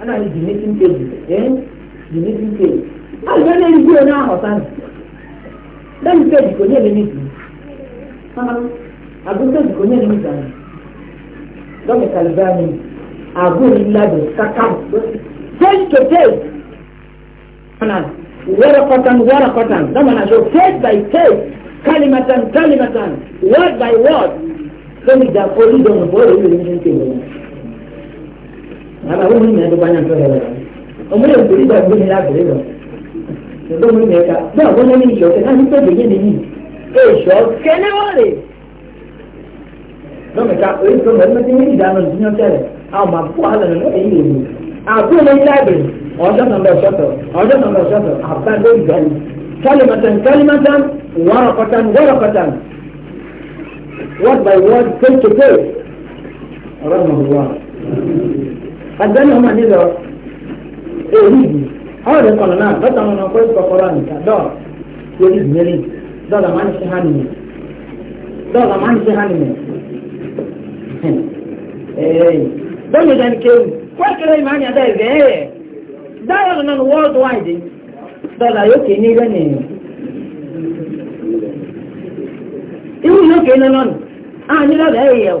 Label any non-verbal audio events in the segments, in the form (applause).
ana eh? ni jìnnìkì ń kejì ẹ́ jìnnìkì ń kejì àgbẹ̀ náà ìgbé ọ̀nà na lẹ́yìn kejì kò ní èlé nìkì àgbẹ̀ kejì kò ní èlé nìkì àná lọ́mì kàlùbá mi àgbẹ̀ òní ladò kàkà kejì tó kejì ọ̀nà wẹ́rẹ̀ kọ́tàn wẹ́rẹ̀ kọ́tàn lọ́mọ̀ so kejì by kejì kálímàtàn kálímàtàn word by word lọ́mì ìjà forí dọ̀nà bọ́ọ̀lù ìlú ní kejì wọn. ara wo ni ẹdọ banya tó lọrọ ọmọ yẹn kò nígbà gbé ní lábẹrẹ lọ ẹdọ mo ní ẹka náà wọn ní ìṣọ kẹ náà nípa ìgbẹ́yẹ ní yìí ìṣọ kẹlẹ wọn rè lọ́mọ̀ká orí tó mọ̀ ẹgbẹ́ tí wọ́n ti dáná ní ìyọ́n tẹ́lẹ̀ àwọn máa fún àlọ́ ní ẹ̀yìn ìlú àbúrò ní lábẹrẹ ọjọ́ nàmbà ṣọ́tọ̀ ọjọ́ nàmbà ṣọ́tọ̀ àbá lórí gbani kálímọ̀tàn kálímọ̀tàn wọ́rọ̀kọ̀tàn wọ́rọ̀kọ̀tàn word by word page to page ọ̀rọ̀ mọ̀ wọ́n. àgbẹ̀ni ọmọ nílọ èyí yìí ọ̀rọ̀ rẹ̀ kọ̀ọ̀nà náà lọ́tà wọn kọ́ ìkọ̀kọ̀rọ̀ nìkan dọ́ọ̀ lórí ìgbéléyìn dọ́ọ̀là máa ń ṣe hàn nìyẹn dọ́ọ̀là máa ń ṣe hàn nìyẹn bẹ́ẹ̀ni ìdáni kéwù kwẹ́kẹ́rẹ́ ìmọ̀ ànyà dá ẹ̀rẹ́ ẹ̀ dáyọ̀ nínú ní world wide dọ́ọ̀là yóò kéé ní ilé nìyẹn ihu yóò kéé nínú nù ànyìnlọ́ọ̀là o.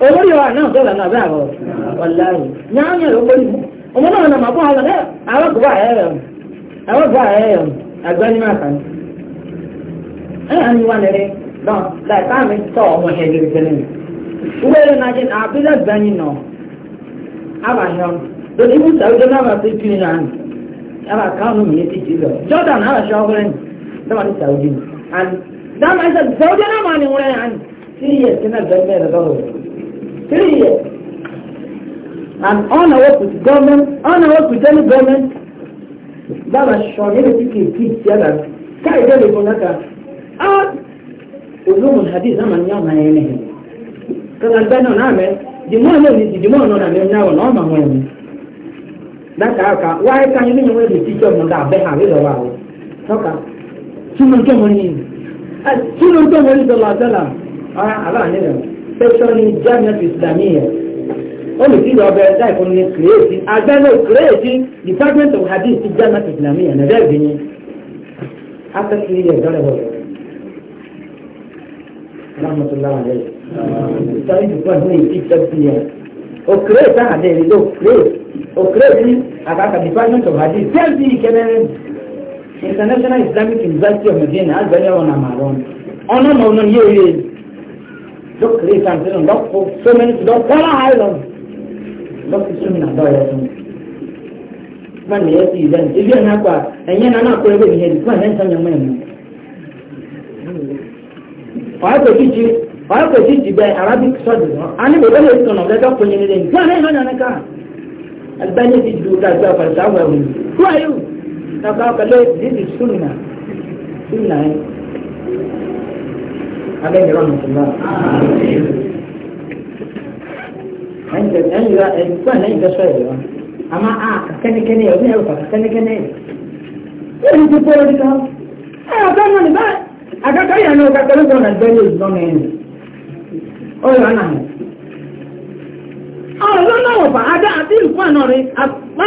olórí wa náà sọ̀rọ̀ náà bẹ́ẹ̀ àbọ̀ wàláyé nyáànyà ló gbóni ọmọ náà nà má bọ́ àwọn ẹ̀ àwọn gbọ́ àyẹ̀ yẹn àwọn gbọ́ àyẹ̀ yẹn àgbẹ̀ni máa kàn ẹ̀ hàn wà lẹ́rẹ́ náà láì ká mi tọ̀ ọmọ yẹn lórí tẹ́lẹ̀ mi wúwo yẹn náà jẹ́ àbílẹ̀ gbẹ̀ni nọ àbà yẹn lórí ibú sàwùjọ náà máa fi tún ní àná àbà káwọn mi yẹn ti jù lọ jordan àbà sọ́kùnrin náà ní sàwùjọ and dáhùn ẹsẹ̀ sàwùjọ náà máa ní wúrẹ́ yẹn sí iye sí náà three years. And on work with government, on work with any government, that was shown everything Kai tell you Konaka, ah, Ulum hadith, I'm a young man. na I've Amen, the more I know this, the more I know that I'm now an arm and women. That's how come. Why can't you mean when the teacher on that behalf is a while? Soka, Sunan especially jamiat islamiyya olùsílẹ̀ ọbẹ̀ ẹ̀dá ìfọ̀nù ní kìrèétì agbẹ́lẹ̀ kìrèétì department of hadith ti jamiat islamiyya nàdẹ́ ìgbìyìn after three years dọ́lẹ̀ wọ̀ rahmatulahi alayhi sọ́yìn tó pọ̀ ní ìdí tẹ́tí yẹn òkìrèétì àdé ìlú òkìrèétì àkàkà department of hadith tẹ́tí ìkẹ́mẹ́rin international islamic university of medina agbẹ́lẹ̀ wọn àmàlọ́n ọ̀nà ọ̀nà yóò yẹ look this and this and look for so many to look for island. Look this woman and die also. Man may see then. If you're not quite, and you're not quite with him, come and send your man. Why could you why could you be Arabic soldiers? And if you don't listen to the doctor, you need to go ahead and go. Albania is good as well for Who are you? Now, this is Sunnah. Sunnah. Eh? alẹ́ ìrọ̀ nìkúnlá. ẹ̀yìn ìgbà ẹ̀yìn ìgbà sọ ẹ̀rọ àmà a kẹ́nikẹ́ni ẹ̀ ọdún ẹ̀rọ pàtó kẹ́nikẹ́ni ẹ̀. ẹ̀yìn ti pọ̀ ẹ̀rí kan ẹ̀ ọ̀gá náà ní báyìí àkàkọ́ yẹn ní ọ̀gá kẹ́lẹ́ kan náà gbẹ́lẹ́ ìgbọ́n mi ẹ̀yìn. ó yọ ọ́nà mi. ọ̀rọ̀ lọ́nà ọ̀fà adá àti ìkú àná rẹ̀ má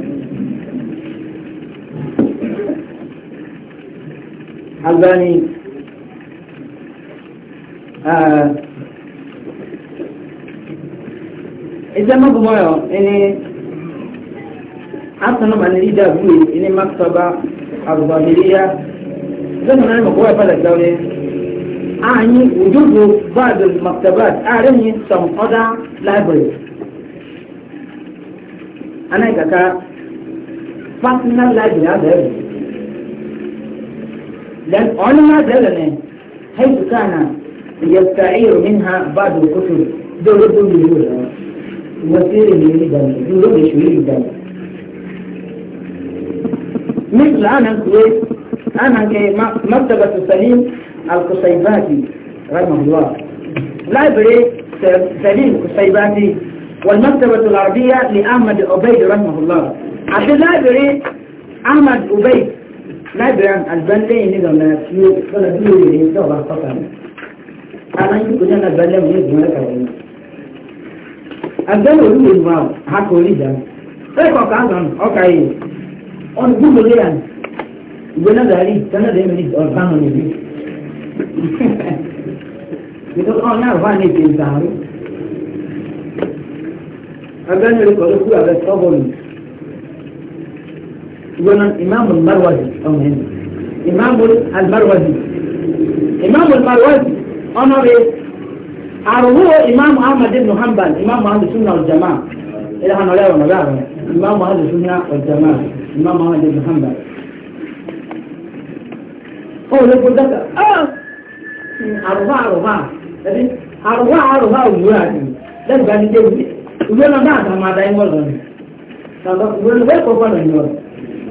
Albani ita magumayo ini asana mani ida bui ini maktaba al-zahiriya zan nani ah, magoya fada gaure anyi wujudu ba'd al-maktabat arinyi ah, some other libraries ana kaka personal library ada لأن علماء دلنا حيث كان يستعير منها بعض الكتب دول دول يقول وسير يريدان يقول ايش يريدان مثل أنا الكويت أنا مكتبة سليم القصيباتي رحمه الله لايبري سليم القصيباتي والمكتبة العربية لأحمد عبيد رحمه الله عشان لايبري أحمد عبيد láìbẹ̀rẹ̀ àgbálẹ̀ ìnígbàmọ̀ àti ọ̀nà bí ó rèé sọ̀rọ̀ àpapọ̀ mi àwọn yìí kò ní àgbálẹ̀ mi ní ìgbìmọ̀ ẹ̀kàwé mi àgbálẹ̀ olúwe ìwà àkọ́ orí ìjà mi ẹ̀kọ́ kan nà ọkà yìí ọ̀nà gbogbo lè yàn ìwé náà dàrí tẹ́lẹ̀ dẹ́ mi ọ̀gbá nà níbi nítorí ọ̀nà àrùbá ní ìpè ìgbà àrùn àgbálẹ̀ olùkọ́ ló kú àbẹ̀ sọ́bọ̀lù يقولون إمام المروزي أو مهم إمام المروزي إمام المروزي أنا أروه إمام أحمد بن حنبل إمام أهل السنة والجماعة إلى أن لا ونبعه إمام أهل السنة والجماعة إمام أحمد بن حنبل أو يقول ذلك آه أربعة أربعة أربعة أربعة يعني لا تبعني جيبي وجوهنا بعد ما دائما لنا وجوهنا بيكو فانا جوهنا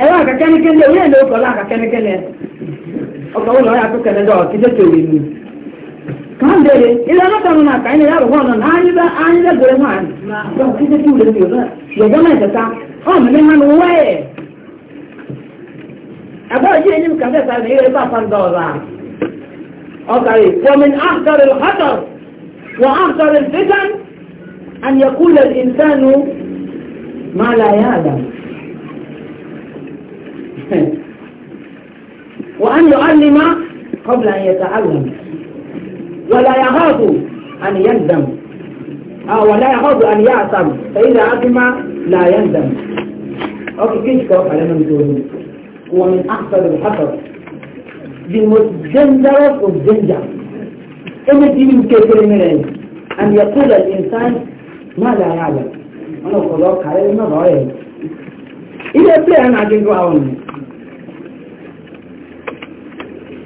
ẹ̀rọ àkàkẹ́nikẹ́lẹ̀ orí ẹ̀lẹ́ ọkọ̀ láàkàkẹ́nikẹ́lẹ̀ ọkọ̀ wọn lọ́yà tó kẹlẹ̀ dọ̀ kí tètè rí mi. kàndèrè ilé ọlọ́tọ̀ọ̀nù náà kàyìn yàrá wọn nọ n'ányíbáányíbá gbèrè wọn àná kí tètè rí mi yọ̀dọ̀ yọ̀dọ̀ náà tẹ̀ta ọ̀mù ní hàn wẹ́ẹ̀. àbá ojú ẹni mi kàfẹ́ sáré ilé bá fan dọ̀ọ̀la ọkàrí wọ́min àkàrí lọ́tọ̀ wọ́n àkàrí fitan an yakula al-insanu ma la ya'lam وأن يعلم قبل أن يتعلم ولا يغاض أن يندم أو آه، لا يغاض أن يعتم فإذا عظم لا يندم أوكي كيف كوف علينا بتقولون هو من أحسن الحفظ بالجندرة والجنجة إما دي من كثير من أن يقول الإنسان ما لا يعلم أنا أقول لك عليه ما ضعيف إذا أتلي أنا عجل بأعوني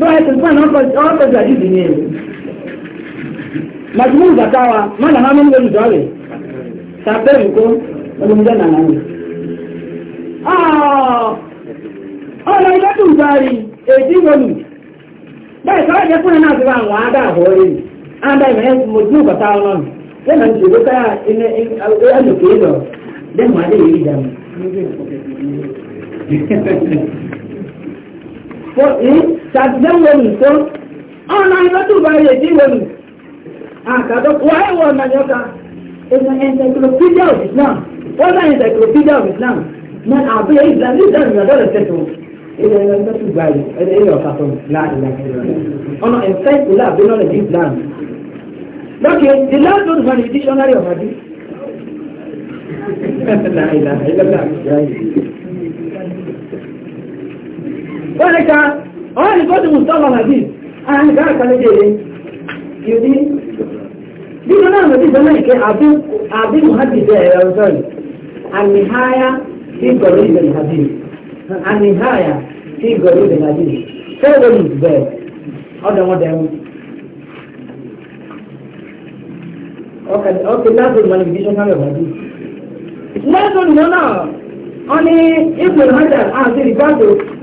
lọ́wọ́ ẹ̀sìn fún ọ̀rọ̀ pẹ̀lú àdìsí ni èmi. Màjúmú ìgbàta wa, má nà hámi ń lè lùdọ́ rẹ̀. Sàbẹ̀ nìkó, olùmúdẹ́ nà nà mi. Ọ̀rọ̀ ẹgbẹ́ tó ń gbárí, èdè wọlù. Bẹ́ẹ̀ sọ́wọ́ ẹ̀jẹ̀ fún ẹ̀nà àdúrà àwọn àdá àbọ̀ rẹ̀. Àdá ìmọ̀ ẹ̀sìn mojúmú ìgbàta wa náà. Yẹ́nà ní ìṣòro ká ẹnìkéé lọ, dẹ́mọ̀ adé yìí dàmú. ṣàtìdẹ́wọ̀nù tó ọ̀nà ìlọ́tùbà rẹ̀ díwọ̀nù àkàdọ́kọ̀ ẹ̀wọ̀n nàyọ́ka is an encyclopedia of Islam. What's oh. an encyclopedia of Islam? Man, I'll be Islam. This time you're not a settle. Ilé ẹ̀rọ ẹ̀rọ tó gbàlè ẹ̀rọ ẹ̀rọ ọ̀sà tó láàrin ọ̀nà encyclopedia of oh, the knowledge Islam. Okay, the last one is the dictionary of Hadith. (laughs) ó lè ka ọ̀rọ̀ ní kọ́tù mùsùlùmí àbí àwọn ìgbà àkàlẹ́jẹ̀ rẹ̀ yóò ní nínú náà lọ́dún ìjọba ìkẹ́ àbí muhammed bẹ́ẹ̀ ẹ̀rọ sọ́ọ̀rì àmìháyà sí gọ̀rọ̀ ìbẹ̀rẹ̀ àbí àmìháyà sí gọ̀rọ̀ ìbẹ̀rẹ̀ àbí fẹ́ẹ̀rẹ̀ ìbẹ̀rẹ̀ ọ̀dọ̀mọdẹ̀ wọn. ọkẹ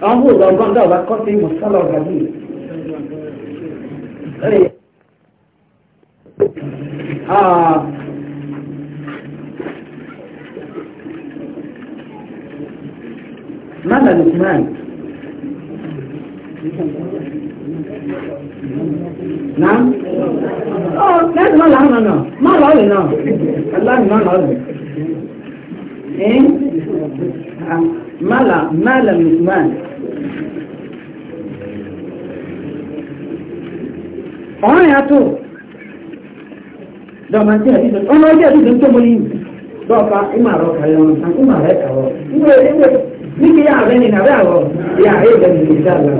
àwọn bó lọ gbọ́n dáwọ̀ bá kọ́ sí mọ̀sálà ọ̀gá yìí. ماذا لقمان؟ نعم؟ اه لازم ما لعنه ما لعنه الله ما لعنه Eh? mala mala misman ọ̀rọ̀ ya tó dọ̀mọ̀tí àdìsọ̀ ọmọ ọjọ́ àdìsọ̀ tó mọ́ yìí dọ́ọ̀fà ìmàrọ̀ kàrẹ̀ ọ̀rọ̀ àti ìmàrẹ̀ kàrọ̀ ìwé ìwé ní kí yáà rẹ̀ ní nàbẹ́ àwọ̀ yà á yẹ̀ ní ìṣẹ́ àlọ́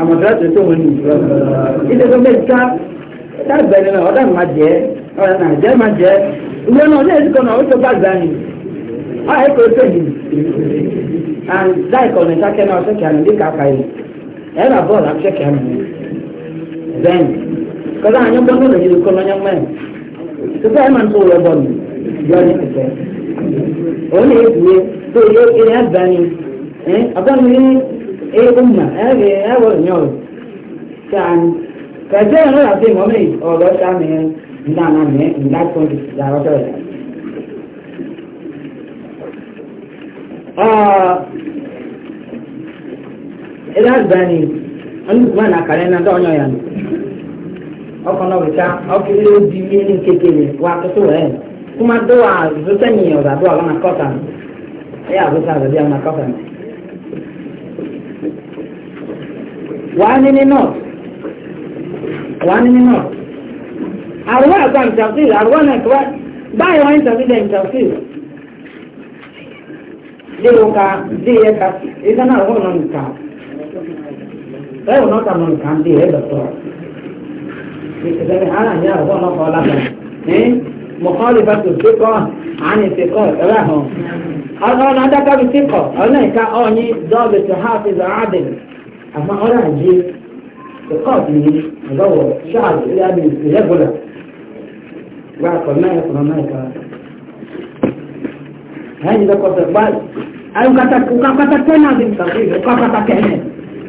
àmọ̀tí tó mọ́ yìí ìṣẹ́ tó mẹ́ta tábẹ̀rẹ̀ ọ̀dà máa jẹ́ ọ̀dà máa jẹ́ máa ìwé náà ní èsìkò náà ó tó gbàgbà yìí á ẹ kò tó yìí and láìkọ ní sákẹ́ náà ṣẹ́kẹ́ àná ní kàkà yìí ẹ̀ rà bọ́ọ̀lù àṣẹ́kẹ́ àná then kọ́lá àyàn bọ́ náà yìí kọ́ lọ́yàn mẹ́rin títí ẹ̀ máa ń bọọlụ dị bọ́ mi yọ na kẹ̀kẹ́ òun ní èdùwé tó yẹ eré àgbáyé ẹ̀ àbọ̀nù ní ẹ̀ ọrụ ẹ̀ rẹ̀ ẹ̀ wọ̀ nyọ̀rọ̀ kàn kàjẹ́ ìrìn àti ìmọ̀mí Ina na mɛ nga tɔn ti da ɔtɔ yɛ. Ɛdá gbani, ɔnu kuma na akara na dɔɔ nyɔya no. Ɔkɔ na ɔbɛta ɔkele obi yie ne kekele wa toto wɛ. Kuma do a zosa nyi ɔza do a ɔna kɔta no. Ɛyɛ a zosa ɔza bi a ɔna kɔta no. Wàá nínú nọ́ọ̀tù. Wàá nínú nọ́ọ̀tù. arwa kan tafsir arwa na kwa ba ya wani tafsir ka de ya ka na arwa nan ka sai wannan ta mun kan de ya da to ita ne ana ya na مخالفة الثقة عن الثقة أنا كان أنا عادل أما أنا wàkọ̀láyà kọ̀láyà hẹ́yìn lọ́kọ̀ọ́sẹ̀ báyìí ayọ̀kọ̀tà kẹ́nà ní ìtàkùn ìkọ̀kọ̀tà kẹ́nẹ̀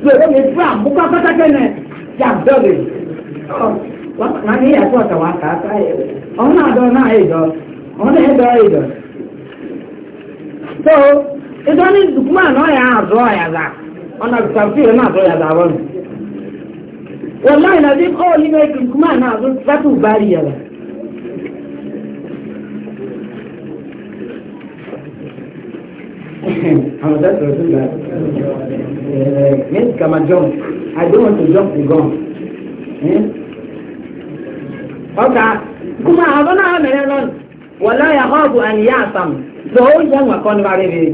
lórí omi fún àbúkọ̀kọ̀tà kẹ́nẹ̀ yà dọ́lẹ̀ wọn ní yàtọ̀ ọ̀tọ̀ wà kà á ká ọ̀hún náà dọ̀ náà ẹ̀dọ̀ ọ̀hún náà ẹ̀dọ̀ ẹ̀dọ̀ so ìdọ́ ní dùkúmà náà yà àzọ́ ọ̀yàzà ọ̀nà ìtàkùn náà àzọ́ ọ̀yàzà wọn ya oh, láì I'm not to do that. Uh, means come and jump. I don't want to jump the gun. Eh? Okay. Kuma abana Wala ya an yasam. So wa kon bi.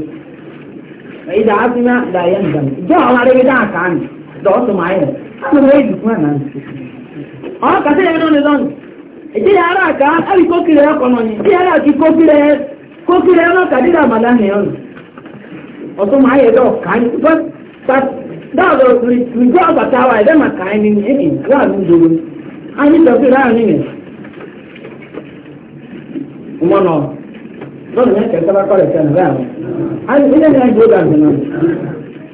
asima da yan Jo bi da kan. Do mai. du nan. Ah ka se no don. Eje ara ka, ari ni. ara ki ọtún máa yẹ dọ̀ kàn bọ́ dáàbò rìgbọ́ àbàtà wa ẹ̀dẹ́ máa kàn ní ẹ̀mí gíláàlú dòdò á ní sọ pé láàrin nìyẹn. wọn nọ lọ́dún yẹn kẹsàn-án bá kọ́lẹ̀ sẹ́nu bẹ́ẹ̀ mọ́ á ní ilé ní ẹgbẹ́ òdà nínú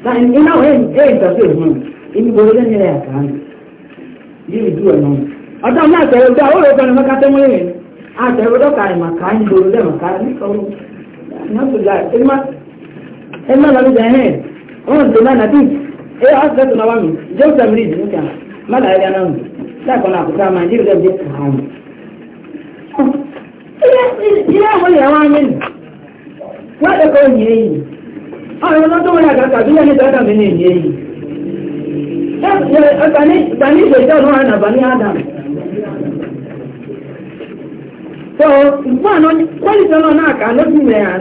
ta iná wọn ẹ̀ ń tọ́sí ìfún ìní gbogbo ilé nílẹ̀ àkàn yìí dùn ẹ̀ náà ọ̀dọ́ mi àtẹ̀wé bí àwọn olùkọ́ni mẹ́ka tẹ́mọ́lé ẹ má lọ níbi ẹhìn wọn lè má nàbí ẹ ọsẹ tó náà wà jẹ ọsẹ mi rìn níta má nà ẹyà náà mi náà àkùtà máa yí ìrẹsì àwọn. ilé àwọn ìyá wa mi wọ́n lè kọ́ ìyẹn tó bí tọ́ta mi ní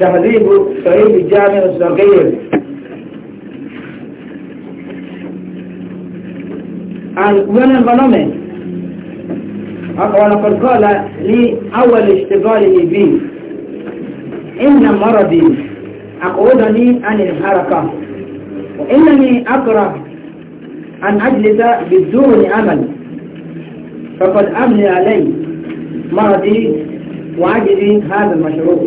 تهذيب صحيح الجامع الصغير عن وين الغنم ولقد قال لي أول اشتغاله بي إن مرضي أقعدني عن الحركة وإنني أكره أن أجلس بدون أمل فقد أملي علي مرضي وعجلي هذا المشروع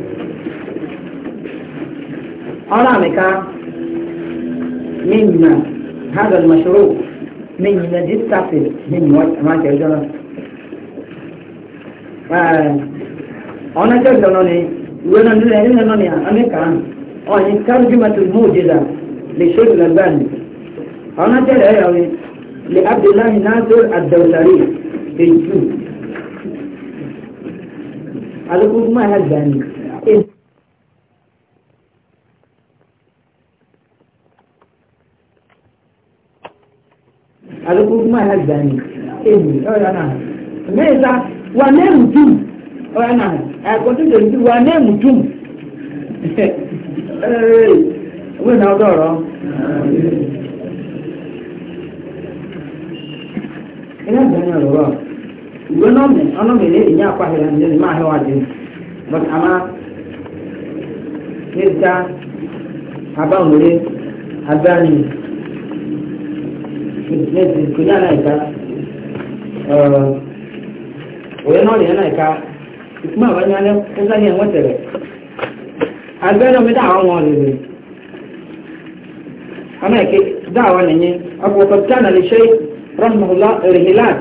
أرامك من هذا المشروع من الذي تفل من ما تجدون آه، أنا تجدونني وأنا نلعب نلعب أنا كان أنا كان جمعة الموجزة لشيخ الألباني أنا تلعب لعبد الله ناصر الدوسري في الجو على كل ما هالباني يعني. e kó ya gba ni èmi ọ̀rọ̀ náà na wà nẹ́ẹ̀mù tùm ọ̀rọ̀ náà na tó ti wà na (laughs) tùm ọ̀rọ̀ náà ọ̀dọ̀ ọ̀rọ̀ ẹ̀rọ ìdáná ọ̀rọ̀ ìwé nọ́ọ̀mì ọ̀nọ́mìlì ìyá àpáhìlà ní ẹni máa hẹ́wà dé but aba kunya na ika onye na ya na ika ikuma abanye anya ụzọ ihe nwetere agbẹ́ náà mi dá àwọn ọmọ rẹ̀ da awa na ẹ̀yẹ ọkọ̀ tánà lè ṣe rọ́nmọ̀lá rìhìláàt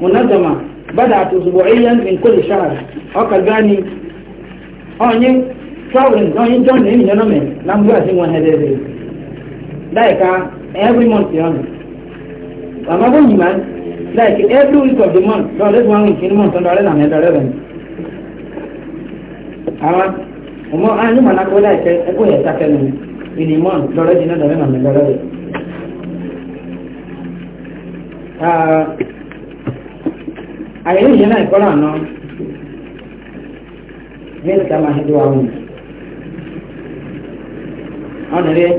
munazama bada àtúnṣubọ̀ èèyàn ní kò lè gani onye traveling onye john ní ìyẹn na mẹ́ lámbúwà sí every month yẹn lọ bàbá bó yìí máa like every week of the month lọ lẹ́sùn one week in the month. nàmẹ́ ẹ̀dọ̀ ọ̀rẹ́ rẹ̀ àwọn ọmọ àánú màá nàkó láìpẹ́ ẹgbẹ́ yẹn sákẹ́ nù ìní month lọ́rẹ́ jìnnà ọ̀rẹ́ nàmẹ́ ẹ̀dọ̀ ọ̀rẹ́ àyẹ̀wò yẹn náà ìkọ́lá àná yẹn ká máa ṣẹ́jú àwọn ọ̀nà rẹ̀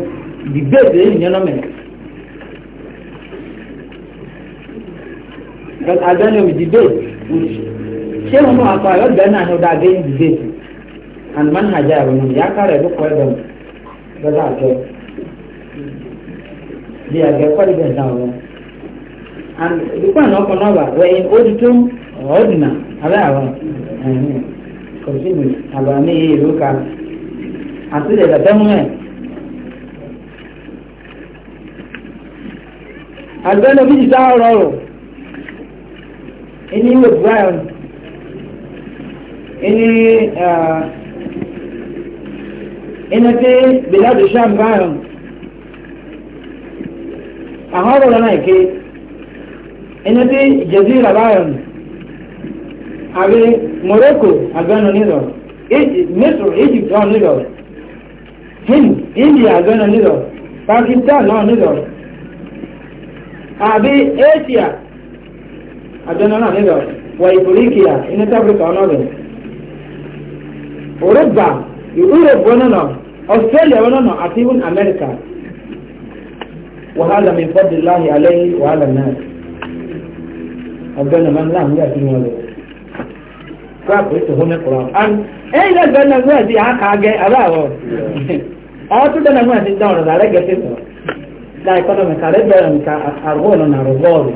dìbẹ́ẹ̀tì yẹn náà mẹ́rin But I don't know with debate. Ṣé wọn náà akọ ayọ̀ bẹ́ẹ̀ náà ni ọ̀dà àgbẹ̀yìn debate? And man hajj ayọ̀ na yà ká rẹ̀ lóko ẹ̀dọ̀ bẹ́ẹ̀ àjọ. Di àgbẹ̀ kọ́lé bẹ́ẹ̀ náà wọn. And ìdúpọ̀ àná ọkọ̀ náà wà wẹ̀ in old tó ọ̀dùnà abẹ́ àwọn kò sí mi àbàrà ní iye ìlú ka àti ìdẹ̀dẹ̀ tẹ́mú ẹ̀. Àgbẹ̀ náà bí ti sá ọ̀rọ̀ any with ground, any uh, anything below the sham ground. أهذا لنا كي إنتي جزيرة بايرن أبي موروكو أغانو نيدو مصر إيجيبت أو نيدو هند إنديا أغانو نيدو باكستان أو نيدو أبي آسيا àjọ́nà náà níbẹ̀ wà ìpòlíkìyà ní tábìlìkà ọ̀nọ́bẹ̀. òrùbà europe wọn nọ australia wọn nọ àti even america wàhálà mi fọ́dí láàyè alẹ́ wàhálà náà ọ̀gbẹ́ni máa ń láàmú àti wọn lọ crap ètò home kura and ẹ̀yìn náà gbẹ́ni náà gbẹ́ni àti àkàgẹ́ aláwọ̀ àwọn tó dẹ́nà mú àti dáwọn rẹ̀ lálẹ́ gẹ̀ẹ́sì sọ̀rọ̀ láì kọ́nà mi kàrẹ́ bẹ̀rẹ̀ mi kà àrùbọ̀ ọ̀nà àrùbọ̀ ọ̀rọ̀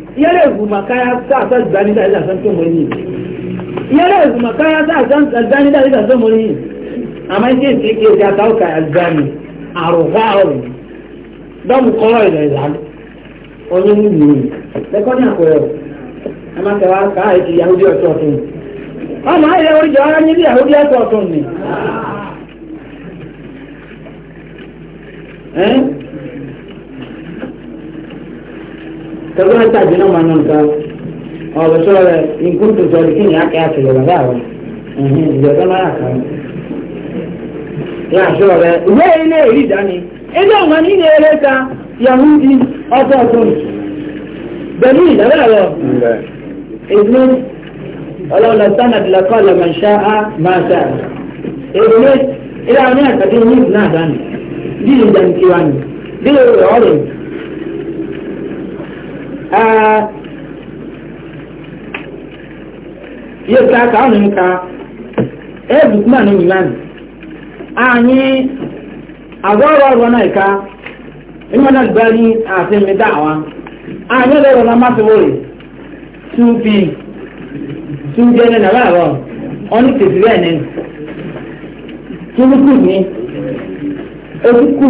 yare guma kaya sa sa zani da Allah san to mori yare guma kaya sa san zani da Allah san mori amma ke ke ke ya tawo kaya zani arugao da mu koro da zani onye mu ni da ko ni akoyo amma ka wa ka ai yahudi o to tun amma ai yahudi ja ni bi o to tun ni sọgbọn ta jìnnà máa nọ nǹkan ọbẹ sọrọ rẹ nǹkan tó sọrọ kí ni a kẹ àtẹlẹ bàbá rẹ ìjọba náà kà á yà sọrọ rẹ ìwé ilé èyí dání ẹgbẹ ọmọ nínú eré ta yahudi ọtọ ọtún pẹlú ìdáwọ rẹ ìdílé ọlọ́ọ̀lọ́ sánàdì lakọ́ ọ̀lọ́mọ̀ṣá á máa ṣá ìdílé ìlànà àtàkùn ní ìdílé àdáni bí ìdánitiwa ni bí ìrọ̀rùn. ihe ka aka ahụ m ka ebukman nyilan anyị agwa ọrụ ọrụ na ịka imana gbari asị mmeda awa anyị lọrọ na mmasị wori tupi tupi ẹni nàrà àrọ ọni ene bẹ́ẹ̀ ni tupu kù ni ekukù.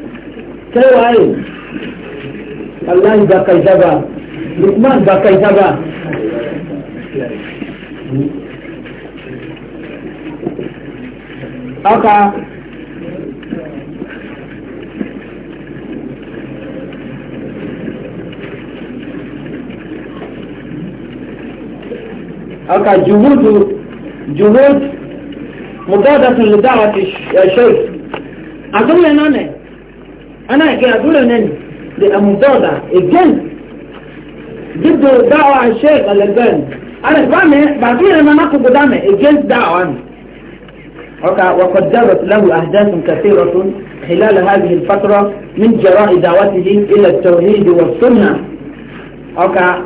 kai waye wallahi ba kai ta ba lukman ba kai ta ba haka haka juhudu juhud mudadatu lidawati ya shaykh adunya nane أنا أقول أن لأمضادة الجن جدوا دعوة الشيخ الجن أنا بعمل بعدين أنا ناقل قدامي الجن دعوة عنه وقد جرت له أحداث كثيرة خلال هذه الفترة من جراء دعوته إلى التوحيد والسنة أوكا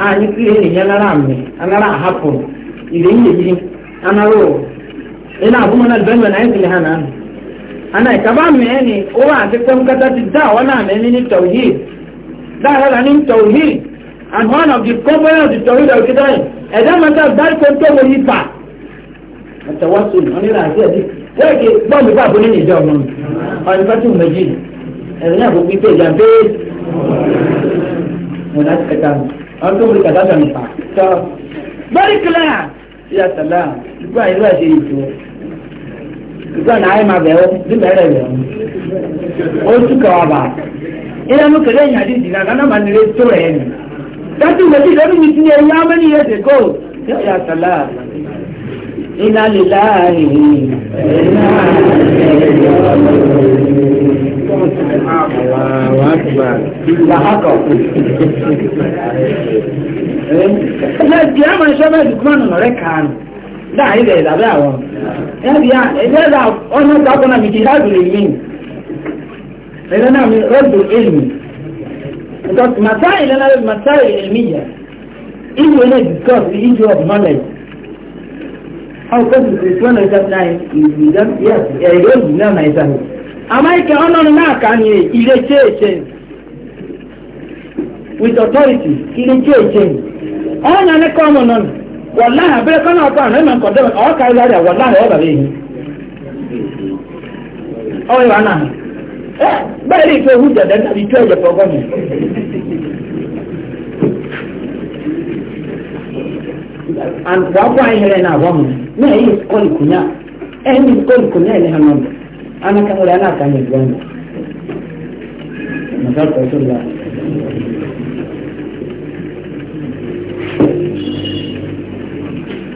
أنا كليني أنا رامي أنا را حفر إليه أنا رو أنا أبو من البن من عيد لهنا ana ikaba mene owa atikpem katati da wana mene ni tawhid da hala ni tawhid and one of the components of the tawhid of kitai ẹ̀dá mata that control wọ́n yí pa ẹ̀tẹ̀ wá sí ọ̀nà ìlà àti ẹ̀dí wọ́n èké bọ́ọ̀lù bá bọ́ nínú ìjọ ọ̀nà ọ̀nà ìfẹ́tù méjì ẹ̀rọ náà gbogbo ìpè ìjà bẹ́ẹ̀ ọ̀nà àti kẹta ọ̀nà tó wọlé kàtà sọ̀nù pa. very clear yàtọ̀ láà ìgbà ìlú àti ìjọ ìgbà náà ayé máa bẹ̀rẹ̀ ní bẹ̀rẹ̀ rẹ̀ ó túkọ̀ wà bá ilé mú kẹlẹ́ ìyá dídì náà máa nílé tó rẹ̀ ni dájú ìwé tí lórí mi ti ní ẹ̀yà mẹ́rin yẹn ti kó yóò yà sàlá iná lè láàyè Ẹ̀jẹ̀ àmọ̀ ìṣọ́bẹ̀ ìdùkúmọ̀ nù lọ́rẹ́ kàánù. dáa ilẹ̀ ìdàbẹ́ àwọn ẹgbẹ́ ẹ̀dá ọ̀nà ìdákọ̀ ọ mi ti hajj lè mí ẹ̀dá náà mi rọ́dù ilmi because masáyì lẹ́nà rẹ̀ masáyì ilmi yẹ ìlú ẹ̀nà discuss the issue of knowledge how come the christian is that night is we just yes ẹ̀rọ ìlú náà na ìta ni ike ìkẹ́ ọ̀nà náà kà ní ilé chéèché with authority ilé chéèché ọ̀nà nọ kọ́mọ̀nà wọ̀láhì abẹ́rẹ́ kọ́nà ọ̀pọ̀ àná ìmọ̀ nǹkan dẹ́wọ̀n ọ̀ọ́ kárí láyà wọ̀láhì ọ̀ọ́ bàbá yìí ọ̀ ìwà náà ẹ bẹ́ẹ̀ lè fẹ́ ẹ̀jẹ̀ náà wọ́n mu náà yìí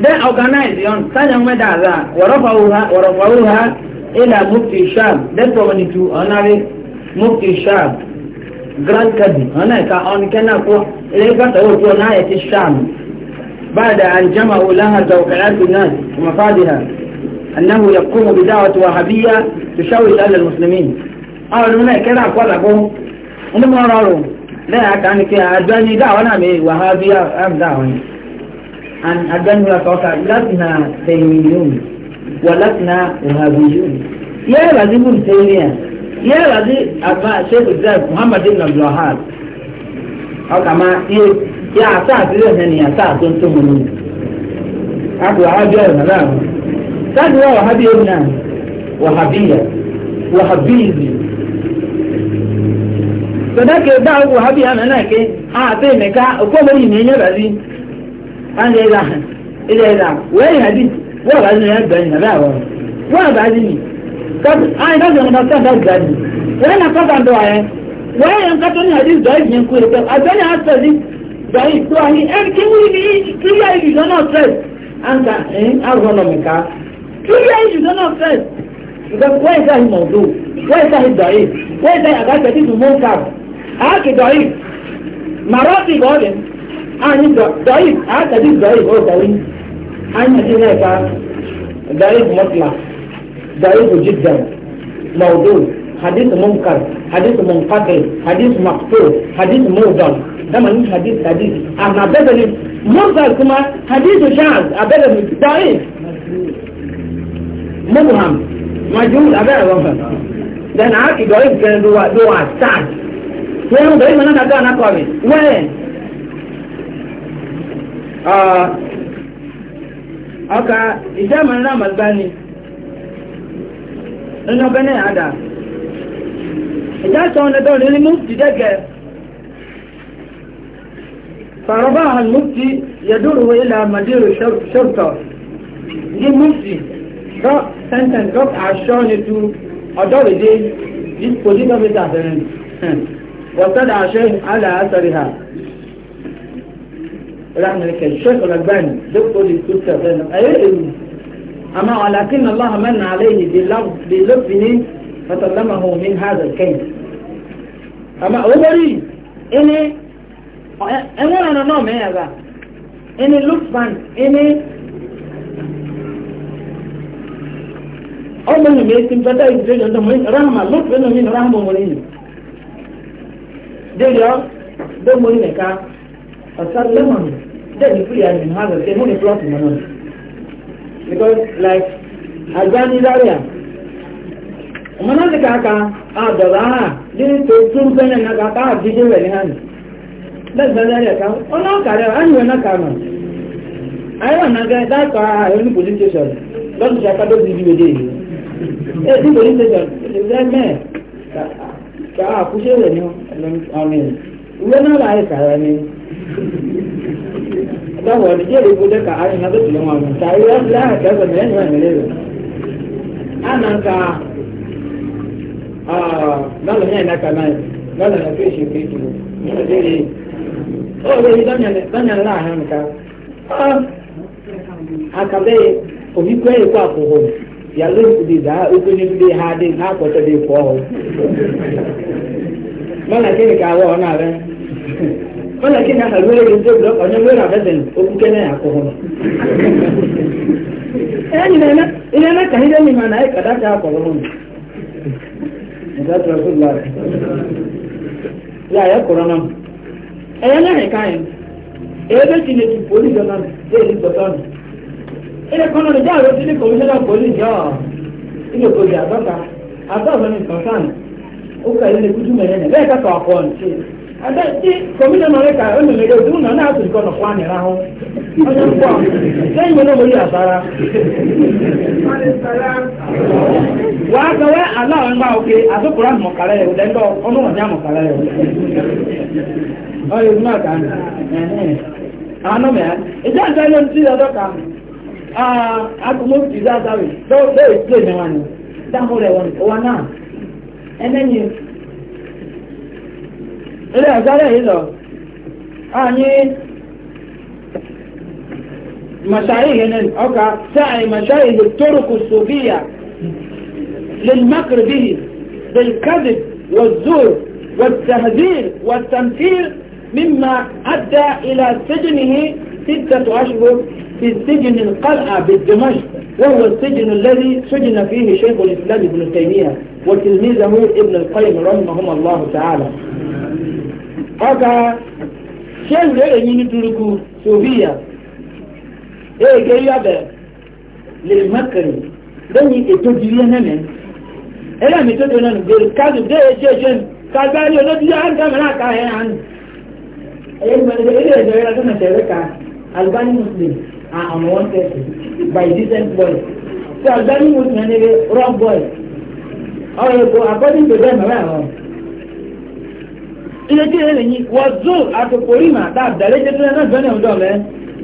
They organized on Sanya Medaza, Warafauha, Ila Mukti Shab, that's 72, Honorary Mukti Shab, Grand Kadi, Honaka, on Kanako, Lega Tawtu, Nayati Sham, بعد أن جمعوا لها توقيعات الناس ومفادها أنه يقوم بدعوة وهابية تشوش على المسلمين أول من كذا قال أبو أنا ما رأوا لا كان كي أدني دعوة أنا وهابية أم دعوة and Adaniwa Kawaka, Latna Taymiyun, Walatna Wahabiyun. Yeah, Razi Mun Taymiyah. Yeah, Razi Abba Sheikh Izzat Muhammad ibn Abdul Wahab. Akama, yeah, Asa Asirin Nani, Asa Asun Tumuni. Abu Wahabiyya Wahabiyya. Sadi wa Wahabiyya Ibn Wahabiyya. Wahabiyya. Sadake ba Wahabiyya Nanake, Ah, Taymeka, Ukomari Nenye Razi. ana ila ila ila wai hadith wa ba ni ya bani na ba wa ba ni ka ai ka zo na ka da gadi wai na ka ban do ai wai an ka to ni hadith da yin ku ka abani hasa ni da yi to ai en ki wi ni ki ya yi do not stress an ka eh agronomy ka ki ya yi do not stress because why is that mawdu why is that da'if why is that against the munkar aki da'if marati godin أنا ضعيف هذا دي ضعيف هو ضعيف أنا هناك ضعيف مطلق ضعيف جدا موضوع حديث منكر حديث منقطع حديث مقطوع حديث موضع ده ملوش حديث حديث أما بدل مرضى كما حديث شاذ أبدا ضعيف مبهم مجهول أبدا مبهم لأن عاقل ضعيف كان دوا دوا سعد وين ضعيف أنا أقول أنا قوي وين ọka ìjẹ́mọ̀ ńlá màgbani nínú ọgbẹ́ náà àdá ìjà sọ ọ́nà tó lórí mufti dẹ́gẹ̀ fàrọ́bà hàn mufti yẹ̀dúrù wọ ilẹ̀ àmàdírù ṣọ́tọ̀ ní mufti rọ sẹ́ńtẹ̀ǹ rọ àṣọ ni tu ọ̀dọ́ rèé dé kò wọ́n sọ́dọ̀ àṣẹ àlà àṣọ رحمة الشيخ الألباني دكتور الكتب أيه أما ولكن الله من عليه بلطفه فسلمه من هذا الكيد أما أولي إني أنا أنا نوم هذا إني لطفا إني أو من يميتم فتا يجري عندهم رحمة لطف إنه من رحمة مريني دي جو دو مريني كا فسلمه then the free has been harvest say money plus money because like ajani zaria ọmọdé ti kàkà àdọ̀rọ̀ àhà nínú tó tún fẹ́ náà kàkà àdíjé rẹ̀ ní hàn lẹ́gbẹ̀ẹ́ zaria kan ọ̀nà ọ̀kàrẹ̀ àyùwẹ̀ náà kà mọ̀ àyẹ̀wò náà gẹ́ dákọ̀ àyẹ̀wò ní police station lọ́dún ṣe akádọ́ bíbí wèdè yìí ẹ̀ ní police station ẹ̀ẹ́dẹ́gbẹ̀ẹ́ kà á kúṣẹ́ rẹ̀ ní ọ̀nà ìwé náà láyé kàrẹ́ ní dan wani ke da kudin ka ayin ah, na zuciyan wani ta yi wasu na haka zama yan yana ne ne anan ka lọ́nà ní ẹ̀nà kan náà lọ́nà ní ọ̀fíì ṣe pé kìlọ̀ ní ọjọ́ na ó lè rí lọ́nà láàrin nìkan ah, àkàbẹ́ òbí ya ẹ̀kọ́ àkókò yàrá ìkùdì dá ha na ha kọ́tọ́ dé kọ́ ọ lọ́nà kí nìkan wọ́ na kọ́lá kí ni àlùwẹ̀rẹ̀ yìí tó gbọ́ ọ̀nà lórí àfẹ́sẹ̀lẹ̀ òkúkẹ́ na, àkọ́kọ́ lọ. ẹ̀yìn náà ilé ẹ̀rọ kàn yíyá mi máa náà ẹ̀ka dáta àkọ́kọ́ lọ. ìdájọ́ ọ̀sùn láàrẹ̀. láàyè kọ̀rọ̀ náà ẹ̀yẹ náà ẹ̀ka yẹn èyí bẹ́ẹ̀ ti lè tu pólísì náà dé ìlú ada ti kọmíṣọ náà lẹ́ka ó nìlẹ̀ yóò dúró náà náà tó ìkọ́ lọ́kọ́ àná ìrahùn ọjọ́ ń bọ̀ sẹ́yìn mi náà mo yí àsára. wà oke kọwé aláwọ̀ ya òkè àtúkùrá mọ̀kàlẹ́ yẹ̀wò ya ọmọ wọn ní àmọ̀kàlẹ́ yẹ̀wò. ah ìgbìmọ̀ kan ah mẹ́ta ìjà ń sẹ́yìn lónìí sí ọjọ́ kan akọmọ́sí ìjà sáré lọ́wọ́ ìpìlẹ̀ mẹ́wàá ilé ẹ̀gárẹ̀ yìí lọ anyị مشايخنا سعي مشايخ الترك الصوفية للمكر به بالكذب والزور والتهذير والتمثيل مما أدى إلى سجنه ستة أشهر في سجن القلعة بالدمشق وهو السجن الذي سجن فيه شيخ الإسلام ابن تيمية وتلميذه ابن القيم رحمهما الله تعالى ọka shehu erenyi ni turuku sofiya ege yabe le makari lẹyìn ètò ìdílé nẹnẹ ẹlẹ́ mi tó tó nẹnu gbèrè káàdù dé ẹjẹ́ ẹjẹ́ kàgbà ní ọdọ́ díẹ̀ àti àmàlà ká ẹ̀ hàn ẹ̀yẹ́ ìgbàlódé ilé ẹ̀jẹ̀ rẹ̀ muslim à ọ̀nà wọn by decent boy so albani muslim ẹni rẹ̀ rock boy ọ̀rọ̀ ilé tí èrè yìí wọ́n zoo àtòkò ìmà dáadáa lẹ́jẹ́ tó lẹ́nà gbẹ́nà ọ̀dọ́ mẹ́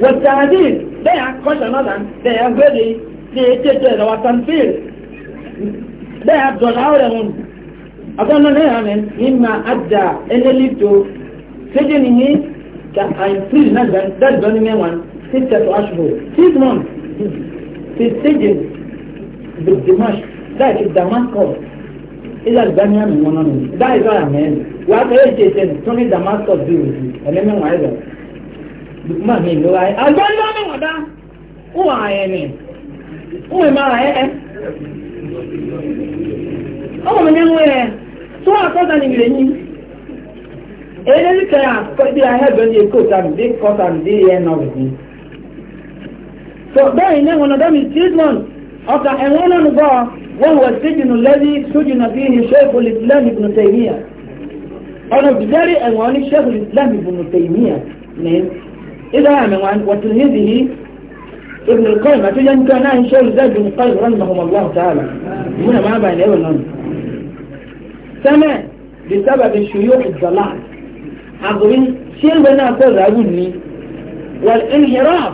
wọ́n tààdì bẹ́ẹ̀ akọ́ṣà náà bẹ́ẹ̀ agbẹ́rẹ́ tí èyí tí ètò ẹ̀rọ wàtán fíl bẹ́ẹ̀ àdọ̀là ọ̀rẹ́ wọn ọgọ́nà náà mẹ́ ìmà àjà ẹlẹ́lì tó ṣéjì nìyí ka àìsíl náà dájọ́ ní mẹ́wàá six to ashbo six months ti ṣéjì e àlùbáni àmì wọn náà nìyí dáhìí sọ àmì ẹni wà á sọ èyí ṣe damascus bí òjì ẹni mi wọn ẹgbẹ dùkúmà mi ìlú ayé àgbọn lọ ní wọn dá ń wà ayé ni ń wẹ̀ máa ẹ ẹ ọmọ mi ní ń wẹ̀ ẹ tó àkọ́ta ni ìrẹ̀ yín and ní kẹ́ àkọ́bí ahẹ́bẹ̀ ní èkó tàbí dé kọ́ tàbí dé ẹ̀ náà أطع هنا نظام وهو السجن الذي سجن فيه شيخ الإسلام ابن تيمية أنا بجاري أنواني شيخ الإسلام ابن تيمية من نعم. إذا أنوان وتلميذه ابن القيم أتجن كان الشيخ الإسلام ابن القيم رحمه الله تعالى هنا ما بين أول سمع بسبب الشيوخ الضلال حضرين شيل بنا كل رابوني والانحراف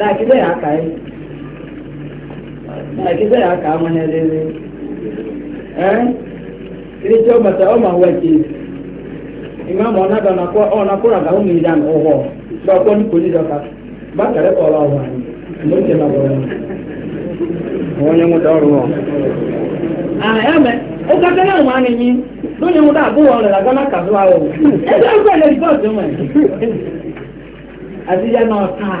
na-akịza ya aka na-akịza ya aka amanya rere ee ma ọ ọ ụmụ ụgwọ ndị ọka anyị oche na bụrụ onye nwụta ọrụ ọ ya ụmụ anyị nyi lóyún ọmọdé àbúrò ọ̀rẹ́ làgbọ́n náà kàdúrà o ebe ọgbẹ́ lè gbọ́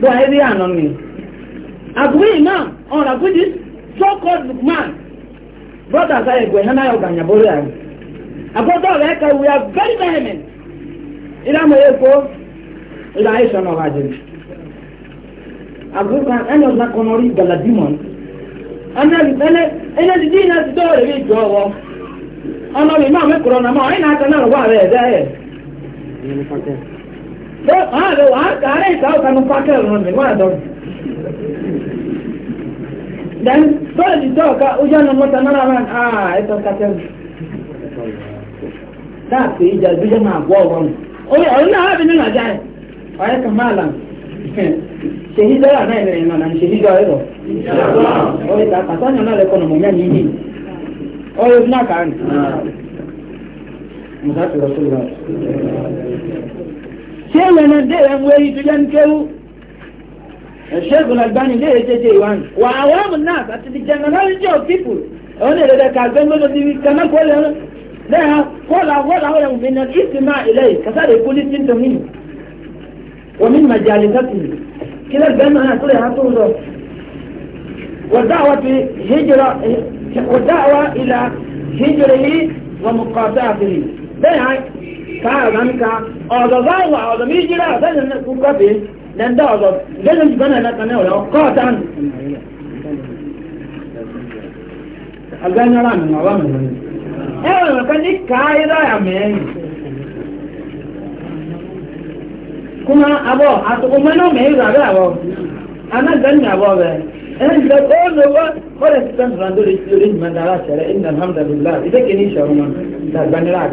though heavy hand on me. As we now, or as this so-called brothers I go hana yoga nya bori we are very vehement. Ila mo eko, ila aisha no hajin. Agodo eno eh, na konori gala demon. Ana ene ene na dina di dole eh, ma eh, ṣé wàá rẹ̀ wàá kàárẹ̀ ìta ọ̀tà ní pákẹ́ ọ̀rọ̀ mi wàá dọ̀rọ̀. then bẹ́ẹ̀ ni tọ́ ọ̀ka ojú ọ̀nà mọ́ta náírà máa ń ah ẹ̀tọ́ kàtẹ́ mi. dáàpì ìjà ìdújẹ́ máa gbọ́ ọ̀rọ̀ mi. oye ọ̀rọ̀ náà hábi nínú àjà ẹ̀ ọ̀rẹ́ kan máa là ṣèyí dọ́là náà ẹ̀rẹ̀ ìnà ní ṣèyí dọ́ ẹ̀rọ. oye kàkà sọ́nyọ̀ náà lẹ́kọ̀ọ́ nà mọ̀ mẹ́rin yìí. oye ojú náà kàá nì. mo dá شيلنا ديهم ويتجن كو الشيخ الألباني ليه يتجي وان وعوام الناس أنت the general job people أنا لذا كأقول لهم كما قول أنا لها قول أول أول من الاستماع إليه كثير يقول استمتع منه ومن مجالسته كلا البنى أنا أقول لها تنظر والدعوة هجرة والدعوة إلى هجره ومقاطعته ده káàrà ń ka ọ̀dọ̀ báwo ọ̀dọ̀ méjìlá bẹ́ẹ̀ ní kúkọ́ bí lẹ́ndà ọ̀dọ̀ bẹ́ẹ̀ ní gbọ́nà ẹ̀ka náà ọ̀dọ̀ kọ́ọ̀tà nù. agbẹ́nyọ́rà mi wà wà mí. ẹ wọ̀ ẹ̀ka ní káà irọ́ yà mẹ́rin. kuma abọ́ àtùkùnmọ́ náà mẹ́rin rà bẹ́ẹ̀ àbọ̀ anágbẹ́ni àbọ̀ bẹ́ẹ̀. أنت كل ولا تستنفع دول يقولين من دارات إن الحمد لله إذا كنيش هم لا بنراك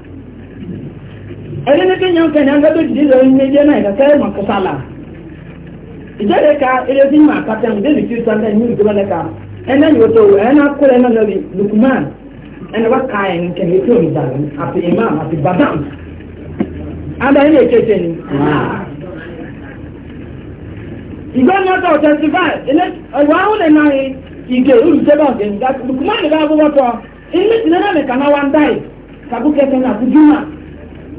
ẹni ní kínyàn kẹ́ni angado jìdí lọ ní méjì náà ìdàkẹ́ mọ̀ kásálà ìjẹ́rẹ̀ ká ilé tí mà kàtẹ́ ní débi tí sọ́ndé ní ìjọba lẹ́ka ẹni yóò tó ẹni akúrẹ́ náà lórí lukuman ẹni wá ká ẹni kẹ́ni tó ní àti imam àti badam adarí lè kéde ni. ìgbẹ́ náà ìgè olùsẹ́bà ọ̀gẹ̀ lukuman ní bá gbogbo tọ́ náà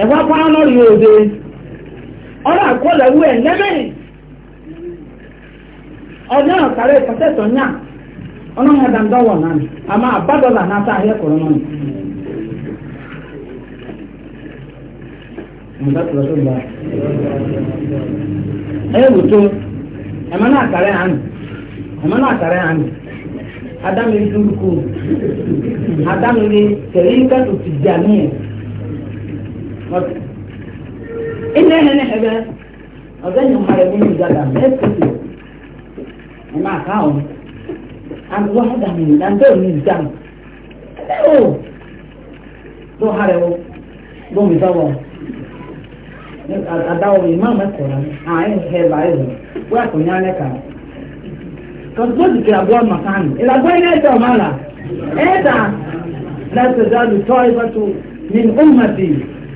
ẹ̀wọ́ apáná lọ́rì òde ọ̀rọ̀ àkọọ́lẹ̀ wú ẹ̀ lẹ́mẹ̀ ọ àkàrà ìpàtẹ́ sọ̀nyà ọ̀nà wọn dandan wọ̀ náà àmà àbádọ́là náà tá ayé kọ̀ọ̀rọ̀ náà. ẹ wò tó ẹ̀mọ́ náà àkàrà àná ẹ̀mọ́ náà adámi dúró adámi tẹ̀lé إن أنا نحبا أظن هم حرمين جدا لا يستطيع مع كاون أنا bụ من أنتم من الجنة لا أوه لو حرموا لو مزوج adáwọ̀ mi máa mẹ́kọ̀ọ́ àárín ẹ̀bà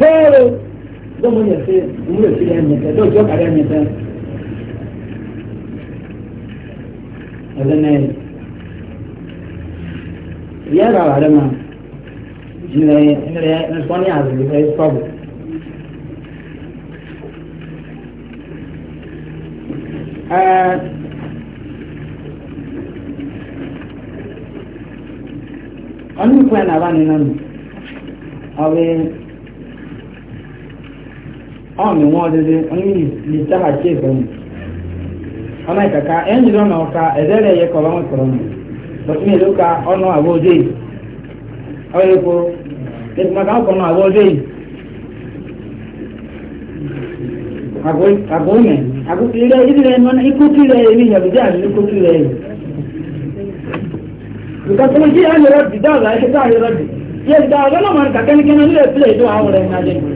fẹ́ẹ̀rẹ̀ lọ́mọ yẹn fẹ́ ìwúlò sílẹ̀ ẹ̀mẹ̀tẹ̀ lọ́jọ́ kàrí ẹ̀mẹ̀tẹ̀ ọ̀lẹ́nà ẹ̀ ìyá rà wà lẹ́mọ̀ ìjìnlẹ̀ ìrìnlẹ̀ ẹ̀sọ́ní àrùn ìfẹ́ sọ́ọ̀bù. ọ̀nùkú ẹ̀ nà bá nínú ọ̀bẹ. ọ̀nì wọn dede ní lìtá àti ìbẹ̀mù ọ̀nà ìkàkà ẹ̀yìn lọ́nà ọ̀ka ẹ̀dẹ́rẹ̀ yẹ kọ̀ọ̀bá wọn kọ̀ọ̀rọ̀ nù bọ̀tún ìlú ka ọ̀nà àwọ̀ òde ọ̀yẹ́ kó ìtumọ̀ká ọ̀kọ̀ọ̀nà àwọ̀ òde ya àgùkìlẹ̀ ìdílé mọ́nà ikúkìlẹ̀ èmi yàgùdí àti ikúkìlẹ̀ èmi. ìkàtúntì àyẹ̀rọ̀ bìdá ọ̀la ẹ̀ṣẹ̀ tó àyẹ̀rọ̀ bì yẹ ìdá ọ̀gá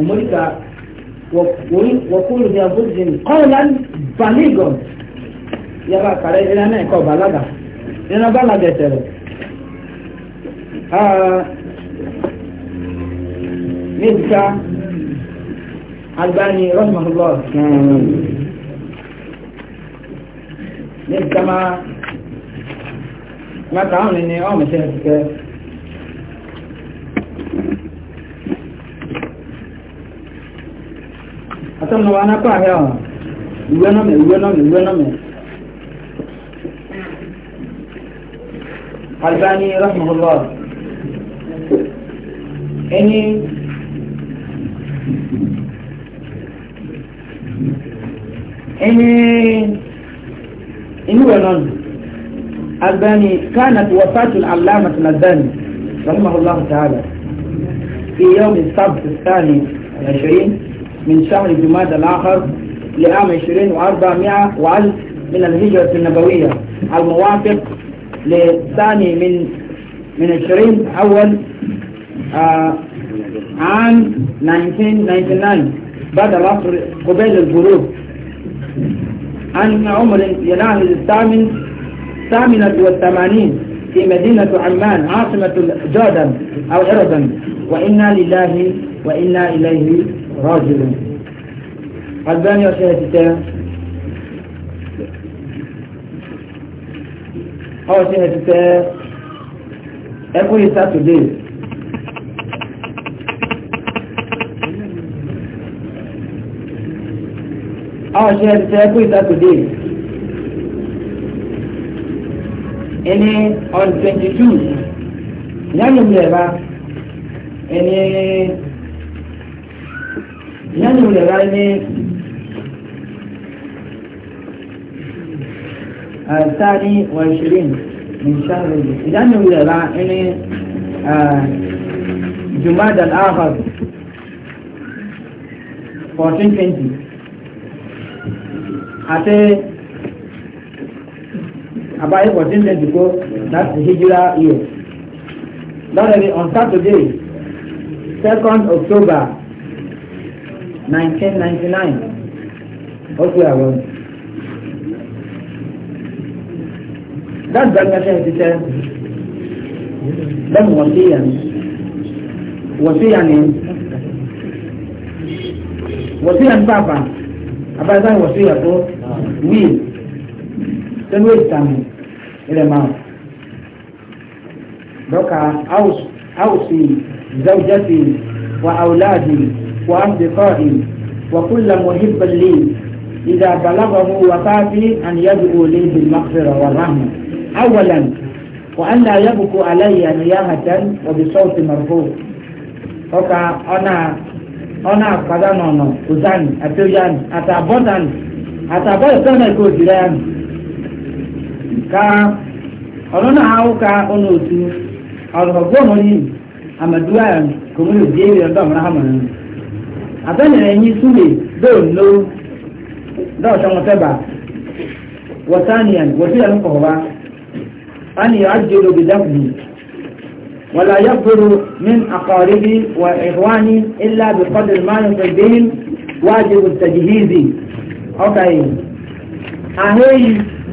أمريكا وقولوا يا بوزن قولا بليغا يرى كاري إلى أنا يكو بلغا إلى بلغا ترى آه ميزكا الباني رحمه الله ميزكا ما ما تعاون إني أعمل شيء asam na wana kwa hea uwe na me uwe na me uwe na me albani rahmahullah any any inu wenon albani kanat wafatu al-allama al-albani rahmahullah ta'ala في يوم السبت الثاني العشرين من شهر جماد الآخر لعام 2400 وألف من الهجرة النبوية الموافق للثاني من من 20 أول آه عام 1999 بعد العصر قبيل الغروب عن عمر يناهز الثامن الثامنة والثمانين في مدينة عمان عاصمة جودا أو عرضا وإنا لله وإنا إليه راجعون يا وشهدته أو أبو every Saturday أو أبو every Saturday ẹni on twenty two yánni lè ra ẹni yánni lè ra ẹni sáré wàṣírin nìṣàlẹ̀ yánni lè ra ẹni jumadan ahad fourteen twenty àti about 14 days ago, that the Hijra year. Literally on Saturday, 2nd October 1999. Okay, I will. That's the message he said. Then Wasiyan. was is. Wasiyan Papa. About that was Wasiyan, We, Then wait a minute. إلى دوكا أوصي أوصي زوجتي وأولادي وأصدقائي وكل محب لي إذا بلغه وفاتي أن يدعو لي بالمغفرة والرحمة أولا وأن لا يبكو علي نياهة وبصوت مرفوع أوكا أنا أنا قدانا أزاني أتوجاني أتابوتاني أتابوتاني كوزيراني ka ọ̀rọ̀ náà á ka ọ̀nà òtù ọ̀rọ̀ gbọ́mọ yìí àmàdúrà kòmúlò díẹ̀ ìrìn ọ̀dọ́ àmàrà hàmà nù. àbẹ̀nìyàn ẹ̀yìn súnlẹ̀ dóò ló dóò sọ̀rọ̀ fẹ́bà wọ́tánìyàn wọ́tíyà ló kọ̀ọ̀bá ani àjọlò bìdáfù ولا يغفر من أقاربي وإخواني إلا بقدر ما يصيبهم واجب التجهيز أوكي أهي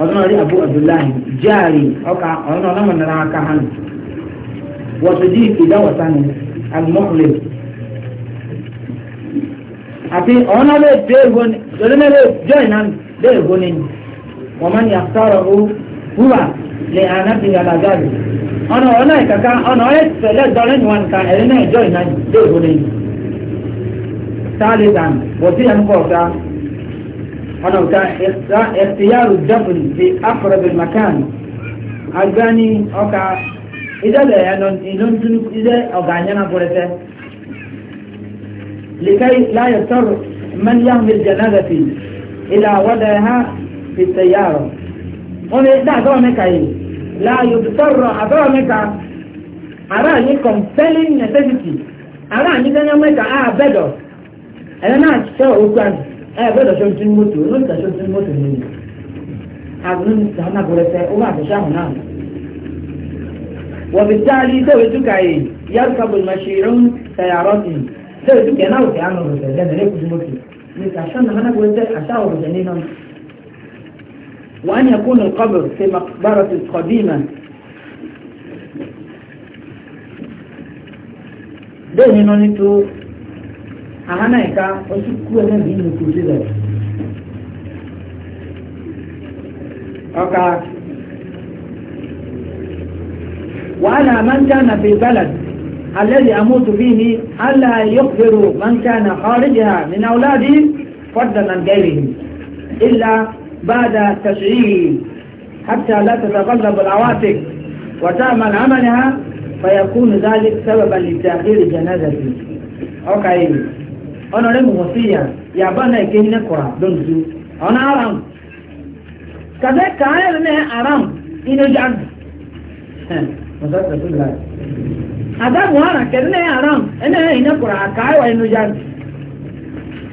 ọdún rí abu abdullahi jaari ọkà ọ̀nà ọlọ́mọ nara aka ha nù wọ́tò dí ìdáwọ̀sá ni alimọ́kùlẹ̀ àti ọ̀nà lè dé ìwọ ni lọ́dún lè jọ ìná dé ìwọ ni wọ́n máa ń yà sọ̀rọ̀ o húwà lè ànábì alágbàdo ọ̀nà ọ̀nà ìkàkà ọ̀nà ọ̀yẹ́ tẹ̀lé dọ́rẹ́ ni wọn kan ẹ̀rí náà jọ ìná dé ìwọ ni sáà lè dàn wọ́tí yẹn kọ̀ ọ̀sá ọ̀nà kan ẹ̀sìyàrù dẹ́kun fi afọ̀rọ̀bẹ̀ makan agbani ọka ìdẹ́lẹ̀ ìlọ́ntún ilé ọ̀gá àyànnà bọ̀rẹ̀tẹ̀ likai láyọ̀ tọrọ mẹ́líàmù jẹ̀nàdà fi ìlà wọ́dà ha fi tẹ̀yàrọ̀ wọ́n ní dáadọ́ mẹ́ka yìí láyọ̀ tọrọ àdọ́ mẹ́ka ara yìí compelling necessity ara yìí dẹ́nyẹ́ mẹ́ka á bẹ́dọ̀ ẹ̀rẹ́ náà ṣẹ́ òkú àná ẹ bẹ́ẹ̀ lọ́sọ tí mọ́tò olóyún ìtàṣọ tí mọ́tò ni àbúrò ní sàn náà bọ̀rẹ̀ sẹ́ owó àtẹ̀ṣẹ́ àwọn náà. wọ́n fi táàlì sẹ́wé túkà yìí yàrá kábọ̀lì máa ṣe irun sẹ̀yàrọ́ tì sẹ́wé túkà náà òkè àná òrùsẹ̀ lẹ́nu lẹ́kùn tí mọ́tò ní sàṣọ náà وأن يكون القبر في مقبرة قديمة ده هنا نتو ahanaika osuku ene bi nu kusi lɛ ɔka wàhálà amáńkánà bíi balad alẹ́lẹ́ amótò bíi ní alá yọkùbẹ̀rù máńkánà ọ̀rẹ́jìhà nínú ọ̀làdí fọ́dànà gẹ̀rì ilà bàdà tẹ̀síì حتى لا تتغلب العواطف وتعمل عملها فيكون ذلك سببا لتأخير جنازته أوكي ọ̀nà rẹ̀ mọ̀ ya yà yàbá náà èké nílẹ̀ kọ̀ra lọ́nùtú ọ̀nà aram kàdé kàáyà ní aram inú jáde àdàbò ara kedu na aram ẹ̀nà ìnẹ̀ kọ̀ra àkàáyà inú jáde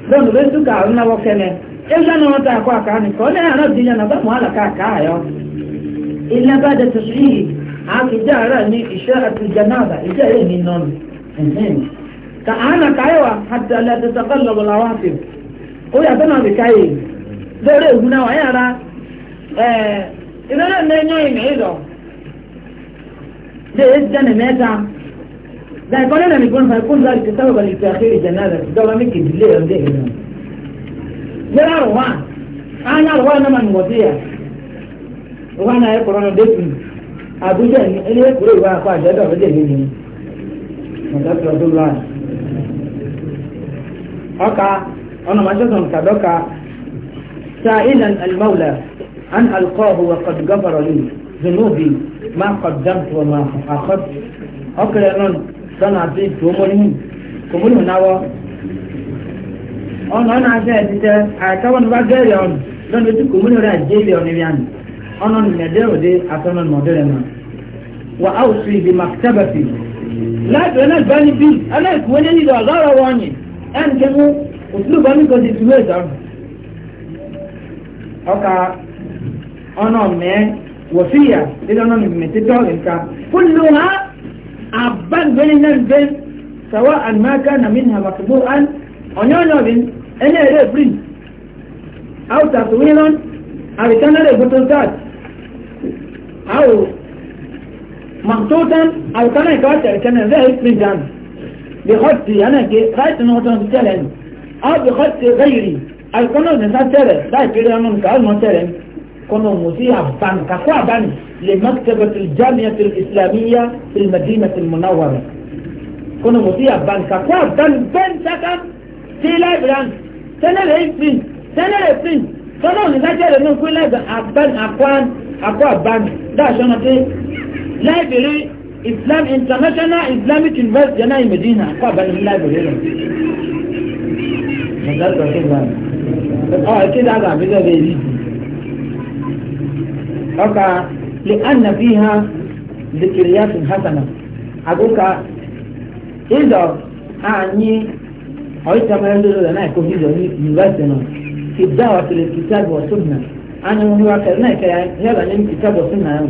lọ́nù bẹ́ẹ̀ tún kà ọ̀nà náà wọ́n kẹ́lẹ̀ ẹ̀wù jáde wọn ta àkọ́ àkàá nìkan ọ̀nà aram ti yàn àdàbò ara kà àkàáyà ilé bá ara تعالى كايوا حتى لا تتقلب العواصف ó yàtọ̀ náà lè káyè lórí ògùn náà wáyà rà ìrẹ́lẹ̀ mẹ́yọ́ ìmẹ̀ ìlọ lè é jẹ́ mẹ́ta da ẹ̀kọ́ lẹ́nà nìkan fà kún láti ti sábà lè fi àkéèrè jẹ̀ náà rẹ̀ dọ́wọ́ mi kì í lé ọdẹ ìlọ. yẹ́rọ àrùwá ányá àrùwá náà mà nìwọ̀ sí yà òwá náà ẹ̀ kọ̀rọ̀ náà dẹ́kun àbújá ẹni ẹ̀kúrò ìwà àkọ́ àjẹ́dọ̀ ọ̀rẹ́dẹ̀ nínú ọ̀dọ́ haka ona mashasan kadoka sa'ilan al-maula an alqahu wa qad ghafara li dhunubi ma qaddamtu wa ma akhad akra non sana ti domoni komuni nawo ona na ga dite akawon ba gari on don ti komuni ra jeli on ni an ona ni medero de atono modere na wa awsi bi maktabati la dana bani bi ana ko ne ni do agara ẹn tẹ mú òtúlù bá nìkan ti dúró ìdáhùn ọkà ọ̀nà mẹ́ wọ̀fíyà nínú ọ̀nà mẹ́tẹ́tọ́ nǹkan kúlù ha àbágbẹ́ni náà bẹ́ sàwọ́ àlùmáàkà nà mí nà màkìbó án ọ̀nyọ́nyọ́ bí ẹni ẹ̀rẹ́ bírì áwùtà tó wí lọ́n àrìkánná rẹ̀ gbọ́tọ̀ sáàt áwò màtótán àrìkánná ìkọ́ àti àrìkánná rẹ̀ bírì dáná. بخط أنا يعني غاية أنه أتنى بسلم أو بخط غيري القناة ده كده لا يكيد يعني أنه نتعلم وسلم كنا مسيح فان كفوعا لمكتبة الجامعة الإسلامية في المدينة المنورة كنا مسيح فان كفوعا بن سكن في لايبران يعني. سنة الهيفين سنة الهيفين كنا نساء سلم نقول لك أبان أقوان أقوى بان ده عشان أتي لايبري Islam International Islamic University yana yi Medina kwa banin library ne. Mazar da su ba. Awa ce da ga abin da zai yi. Oka li'anna fiha zikiriyatun hasana. Agoka ido anyi oita mai lulu da na ko hizo ni university no. Fi dawa fil kitab wa sunna. Ana mun wa kai na kai ya da ni kitab wa sunna yau.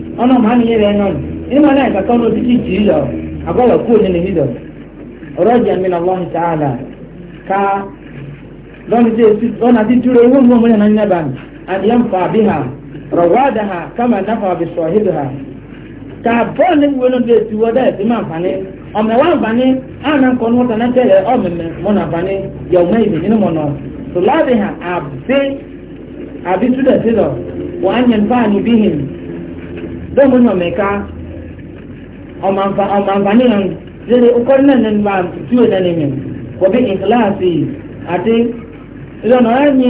ọ̀nà màá nìyẹn rẹ̀ nọ ní màá náà kàkọ́ ní otítí tì í lọ àgọ́lọ̀ kú òní nìyí lọ ọ̀rọ̀ jẹ́ mi náà lọ́hìn tààlà ká lọ́nà tí dúró owó mú ọmọdé náà fà bí ha rọ̀wádà ha kàmá náfà bí ha ká bọ́ọ̀ ní wọlé ní ètí wọ́dà ètí àná ní náà ọ̀mẹ̀mẹ̀ dọ́mọ náà mẹ́ka ọmọ àǹfààní hàn lórí ọkọ náà ní ma tí ó dání mi kò bí ìkíláàsì àti ìdọ̀nà ẹ̀ ní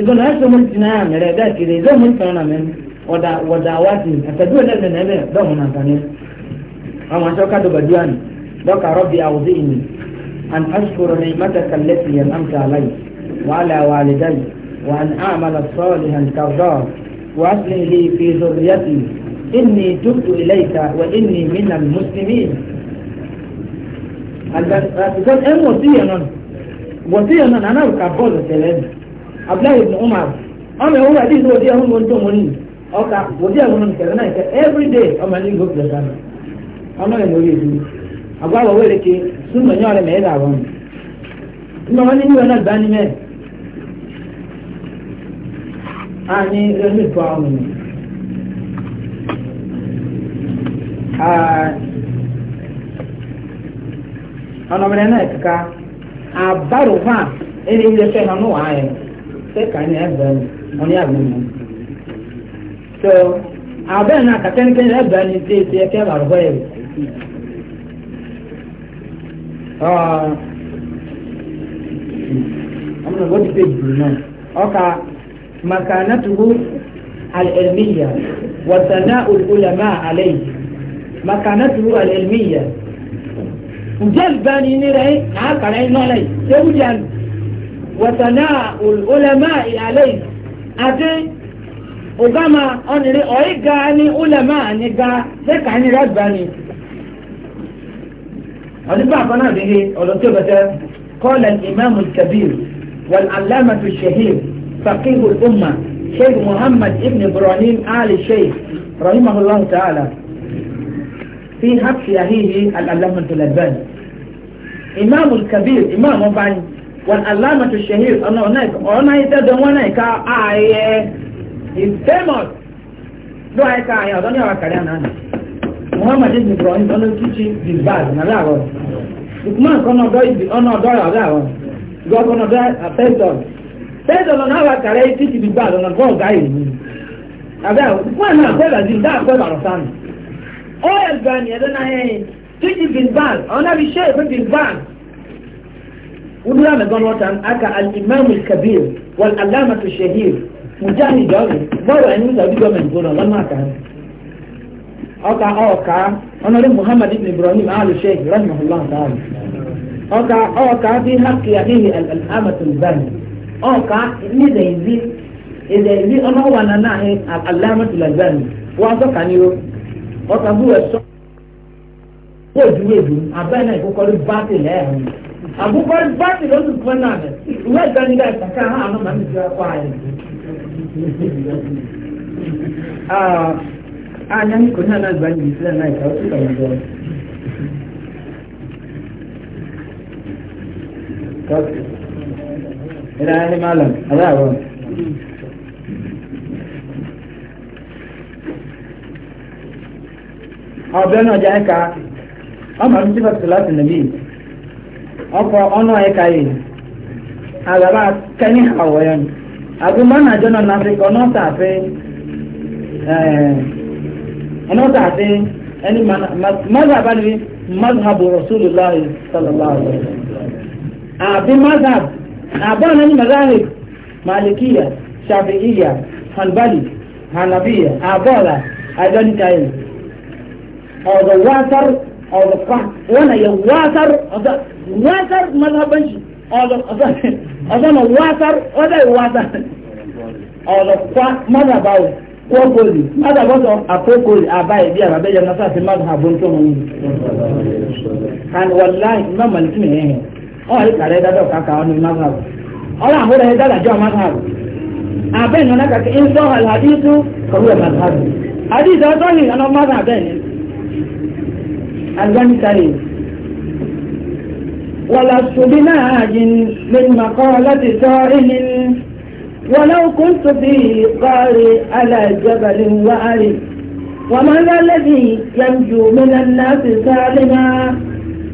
ìdọ̀nà ẹ̀ sọmọ ti náà mẹ́rẹ̀ ẹ̀dá kiri dọ́mọ ti náà mẹ́rin ọ̀dà wọ̀dà wájú àtẹ̀jú ẹ̀dẹ́gbẹ̀ nẹ́bẹ̀ dọ́mọ náà fani àwọn aṣọ kájọ bàdúrà ni dọ́kà rọ́bì àwùjọ ìní an ashkuru ni matakalẹ́sì yẹn amta aláyì wàhálà wàhálì dáyì wà an àmàlà sọ́ọ̀lì hàn kàwdọ́ọ̀ وأصلح لي في ذريتي إني تبت إليك وإني من المسلمين because ẹn wọ̀síyẹ̀ náà wọ̀síyẹ̀ náà nana ọ̀ka bọ́ọ̀lù tẹ̀lé ní abdullahi ibn umar ọmọ ẹ̀wọ̀n wà dídí òdi ẹ̀hún wọn tó wọn ní ọ̀ka every day ọmọ ẹni gbó pẹ̀lú sáà ọmọ ẹni orí èdè àgbà wọ̀ wẹ̀rẹ̀ ké súnmọ̀ ní ọ̀rẹ́ mẹ́ẹ̀ẹ́dà wọn. anyị emepe ahụ ọnọmọdé náà kíkà àbáròfà ẹni ilé fẹ́ hàn wà áyẹ ṣé kà ní ẹgbẹ́ mọ ní àgbẹ̀ mọ. tó àbẹ́rẹ́ náà kàkẹ́nikẹ́ ẹgbẹ́ ni tí ti ẹkẹ́ àbáròfà yẹ. ọmọdé wọ́n ti pè jù náà ọkà. مكانته العلمية وثناء العلماء عليه مكانته العلمية وجل باني نرأي عاقل نعم، عين عليه سوجل وثناء العلماء عليه أتي وكما أنري أويغا أني علماء نيغا ذيك أني رباني أنا بعض أنا به قال الإمام الكبير والعلامة الشهير فقيه الأمة شيخ محمد ابن إبراهيم آل الشيخ رحمه الله تعالى في حبس أهيه العلامة الألباني إمام الكبير إمام أباني والعلامة الشهير أنا هناك أنا يتدون هناك آية famous ló ayé ká àyà ọ̀dọ́ ní ọ̀rọ̀ kàrí àná ni muhammad ibn ibrahim ọ̀nà kíkí bilbao ní aláàrọ̀ lukman kọ́nà ọ̀dọ́ ọ̀dọ́ ọ̀dọ́ àwọn gọ́ọ̀nà ọ̀dọ́ bẹ́ẹ̀ lọ́nà àwọn àkàrà yìí títí gbígbà lọ́nà bọ́ọ̀ gáà yìí ni àbẹ́ wọn náà pẹ́ bàjẹ́ ìdá àpẹ́ bàrọ̀ sánù ó yẹ gan ni ẹ̀dọ́ náà yẹn títí gbígbà ọ̀nà bí ṣe ìpín gbígbà wúdúrà mẹ́gbọ́n wọ́n tán aka alimami kabir wọn alamatu shahir mujahid jọ́ọ̀nì bọ́ọ̀rọ̀ ẹni sàbí gọ́ọ̀mẹ̀ntì gbọ́dọ̀ lọ́nà àkàrà ọkà ọkà ọ̀nàdé muhammad ibn ibrahim alu ọka oh, ezi e zèyí ìzèyí ọlọ́wà náà náà ní alámọ̀tìlẹ̀gbẹ̀mí wọ́n sọ́kà ní o ọ̀sán bú ẹ̀sọ́ kó ìdúró ìdúró abẹ́rẹ́ náà ìkókọ́rí báàtì lẹ́ẹ̀hún àkókọ́rí báàtì ló ti fún náà ìwé ìgbani ka ha hàn anya anyị ina ya malam a za a ba ọbẹ̀ náà jẹ́ ẹ̀ka ọmọ mi ti fàtí láti nàbí ọkọ̀ ọ̀nà ẹ̀ka yìí àgbàbà kẹ́ni àwọ̀ yẹn agbèmọ́nà àjọ náà nàfi ọ̀nà tààfẹ́ ọ̀nà tààfẹ́ ẹni mọ́tò àbáni أعبانا المذاهب مالكية شافعية حنبلي حنبية أعبانا أجل كائن أو ذا واتر أو ذا فحم وانا يواتر واتر مذهبا أظن واتر وذا يواتر أو ذا فحم مذهبا kókòlì mádàbọ́sọ̀ àkókòlì àbáyé bí àràbẹ́yẹ náà sáà sí mádàbọ́sọ̀ wọn ni. and wàláì má ọ̀rọ̀ ìkàrẹ́ dájọ́ kàkà ọ̀nà mazhab ọ̀rọ̀ àhúrẹ̀ ẹ̀ dájọ́ mazhab abẹ́ ìnáná kàkà ń sọ àlàdíjú kọ̀wé ẹ̀ mazhab àdíjú ọjọ́ ìrìnà mazhab bẹ́ẹ̀ ni albanisari wàlá ṣùgbìnà ààyìn lẹ́yìn àkọ́ láti sọ ìní ولو كنت في قاري على جبل وعري ومن الذي ينجو من الناس سالما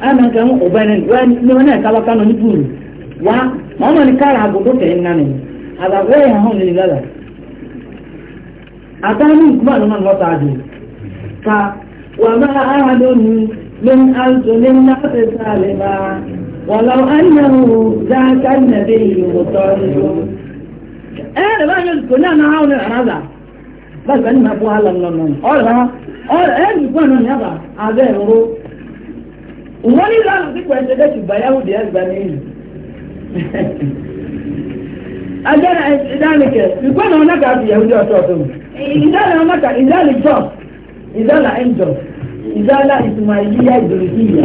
ama ga mu ubani wani wani kaba kano ni buru wa ni kara agogo te nani aga we ha ho ni gaga atani kuma no man wata adu ka wa ma ahadun min alzulin nafsi salima ولو anyị na النبي مطرد wani lanu ti kwanta da shi bayahu da ya zane ni ajana idanike ikwana wana ka bi yahudi ọtọ ọtọ idana wana ka idana jos idana angels idana ismailiya idolisiya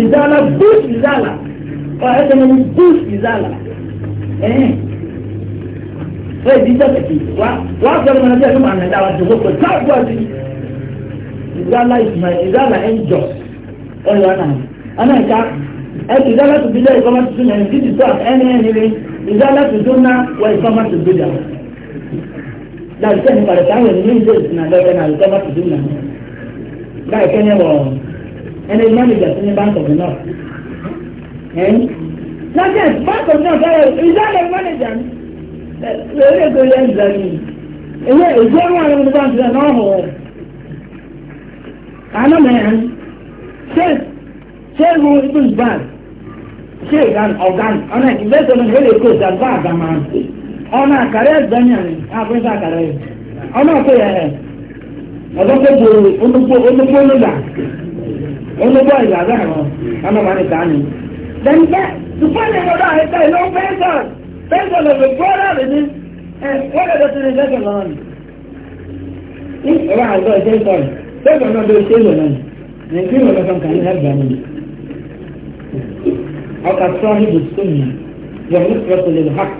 idana bush idana ọ ẹsẹ mi bush idana ẹhìn ẹ di sẹsẹ kì wá wá sọrọ mọ náà bí ẹsẹ mọ àná dáwà tó kọ káàbọ sí idana ismailiya idana angels. ẹ̀rọ náà ọ̀nà ìka ẹ̀kì ìdálẹ́tù bílẹ̀ ìkọ́mọ́tì súnmọ́ ẹ̀yìn títí tó ẹni ẹni rí ìdálẹ́tù tó ná wọ ìkọ́mọ́tì gbéjà láìpẹ́ ní pàrẹ̀tà àwọn ènìyàn ìdè ìsìn àgbẹ̀fẹ́ náà ìkọ́mọ́tì tó ná láìpẹ́ ní wọ̀ ẹni mọ́nìjà sí ní bank of the north ẹ̀yìn lọ́jọ́ bank of the north ẹ̀rọ ìdálẹ́ mọ́nìjà lórí èkó yẹn ìdálẹ́ èyí èyí ọ̀rọ̀ àwọn ọmọdé bank of the north ṣéègùn ibùn zban ṣéègùn ọ̀gán ọ̀nà ìgbésẹ̀ ní ìwé èkó ṣàgbà àgàmà ọ̀nà àkàrẹ́ ẹ̀gbẹ́nyàmì àfẹ́fẹ́ àkàrẹ́ yìí ọ̀nà ọ̀pẹ yẹn ọ̀dọ́kọ̀ gbòòrò onugbó onugbó nígbà onugbó ìlà bẹ́ẹ̀ rọ ọ̀nà máa ní kàánì. then bẹ́ẹ̀ tùpọ́nì ìwọ̀dọ̀ àìsà ìlú pẹ́sọ̀n pẹ́sọ̀n lè gbọ́dọ̀ rẹ̀ ní ẹ̀ wọ́n lè dọ̀tí ní lẹ́sẹ̀ lọ́wọ́ ni. ní ìwà àìsà ìṣẹ́ ìsọ̀rọ̀ نسير ولا كان كان هرجع منه أو صاحب السنة ونصرة للحق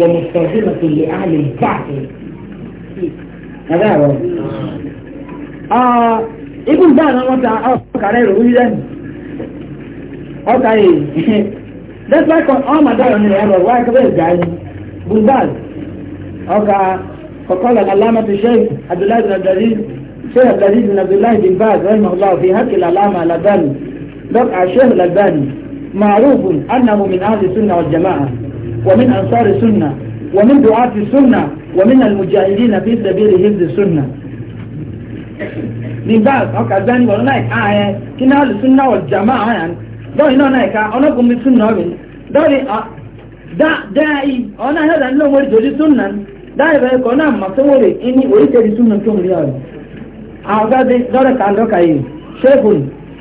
ومستوحمة لأهل البعث هذا هو آه ابن بعض الوضع أوك عليه الغوي ده أوك عليه That's why kon all my dad on the error, why can we guys? Bulbaz. Okay. فقال العلامة الشيخ عبد الله بن عبد العزيز شيخ الذي بن عبد الله بن باز رحمه الله في هكي الألامة لبن بقع شيخ لبن معروف أنه من أهل السنة والجماعة ومن أنصار السنة ومن دعاة السنة ومن المجاهدين في سبيل حفظ السنة من بعد أوكا زاني قالوا نايك آه إيه، كنا أهل السنة والجماعة يعني دوري نو آه، أنا قم بسنة أبن دوري آه، دا داي أنا هذا نو مريد جوجي سنة داي بايك أنا مصوري إني وريد جوجي سنة كم ريالي أعداد دورة عندك أي شيخ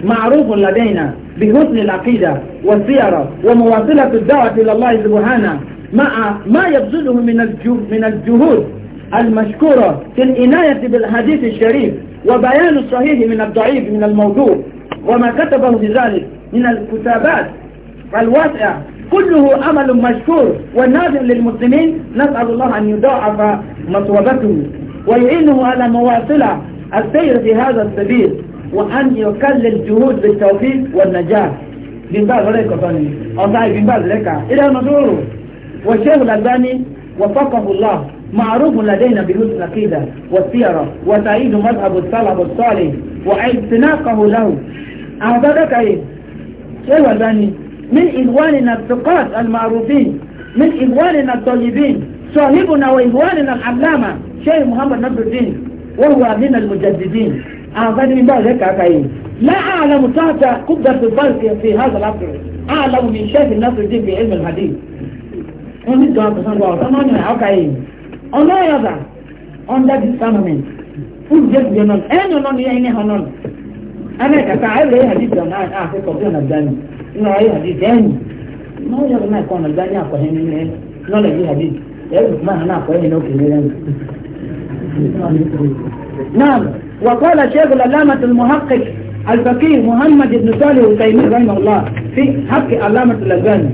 معروف لدينا بحسن العقيدة والسيرة ومواصلة الدعوة إلى الله سبحانه مع ما يبذله من من الجهود المشكورة في العناية بالحديث الشريف وبيان الصحيح من الضعيف من الموضوع وما كتبه في ذلك من الكتابات الواسعة كله عمل مشكور والنازم للمسلمين نسأل الله أن يضاعف مصوبته ويعينه على مواصلة السير في هذا السبيل وأن يكلل جهود بالتوفيق والنجاح بن باز عليك ثاني أضعي بن باز لك إلى مدوره والشيخ الألباني وفقه الله معروف لدينا بحسن العقيدة والسيرة وتعيد مذهب السلف الصالح واعتناقه له لك إيه شيخ الألباني من إخواننا الثقات المعروفين من إخواننا الطيبين صاحبنا وإخواننا العلامة شيخ محمد نصر الدين وهو من المجددين أعظم من ذلك أكاين لا أعلم تعطى قدرة البرك في هذا العصر أعلم من شيخ النصر الدين في علم الحديث ومن دعا بسان أنا be non any non ya ini hanon ana ka ta ai le hadith dan an a na no ai hadith dan no ya na ko na dan ya ko hin ne no le hadith ya na نعم وقال شيخ العلامة المحقق الفقيه محمد بن صالح التيمين رحمه الله في حق علامة الألباني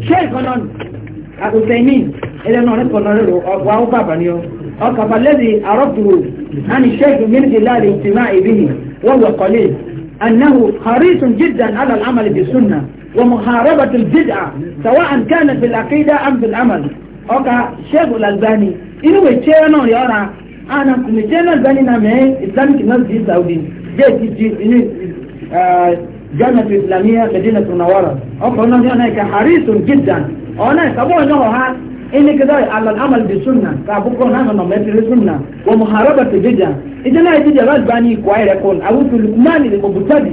شيخنا التيمين إلى أنه نذكر نرره وهو بابا نيو الذي أردته عن الشيخ من خلال الاجتماع به وهو قليل أنه حريص جدا على العمل بالسنة ومحاربة البدعة سواء كانت في العقيدة أم في العمل شيخ الألباني inú wèé tiẹ́ náà yọra àná kùmí tiẹ́ náà gbani náà mẹ́ islamic north east saudi jẹ́ ti di inú jọ́nà tó islamiyya medina tó nawara ọkọ̀ náà ní ọ̀nà ìka harisun gidan ọ̀nà ìkàbọ̀ ọ̀nà ọ̀ha إن كذا على العمل بالسنة فأبوكم نحن نمت السنة ومحاربة البدع إذا لا يجد رد باني كوير يكون أو في لقمان لمبتدي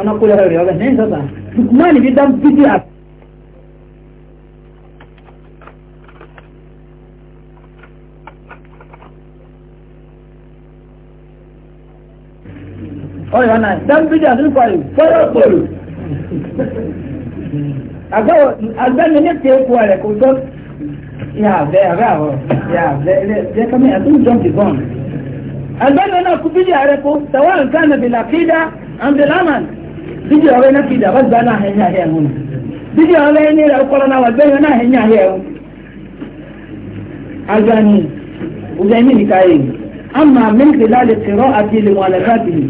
أنا أقول هذا هذا نين هذا لقمان بدم بدعة ọ̀yọ̀ náà dáńbíjà ní pàì fọ́yọ̀ pòlù agbẹ́ni ní pé kú rẹ̀ kò tọ́ yà bẹ́ ẹ̀rẹ́ àwọ̀ yà bẹ́ ẹ̀rẹ́ kàmí àtún jọ́ǹkì bọ́ọ̀n agbẹ́ni náà kú bíjà rẹ̀ kó tẹ̀wọ́ nǹkan nàbì làkídá àǹdìlámàn bíjà ọ̀rẹ́ náà kìdá bá gbà náà hẹ̀yìn àhẹ́ ẹ̀hún bíjà ọ̀rẹ́ ní rẹ̀ kọ́lọ́ náà wà gbẹ́yìn náà hẹ̀yìn àhẹ́ ẹ̀hún agbẹ́ni ọjọ́ ẹ̀mí nìkan yìí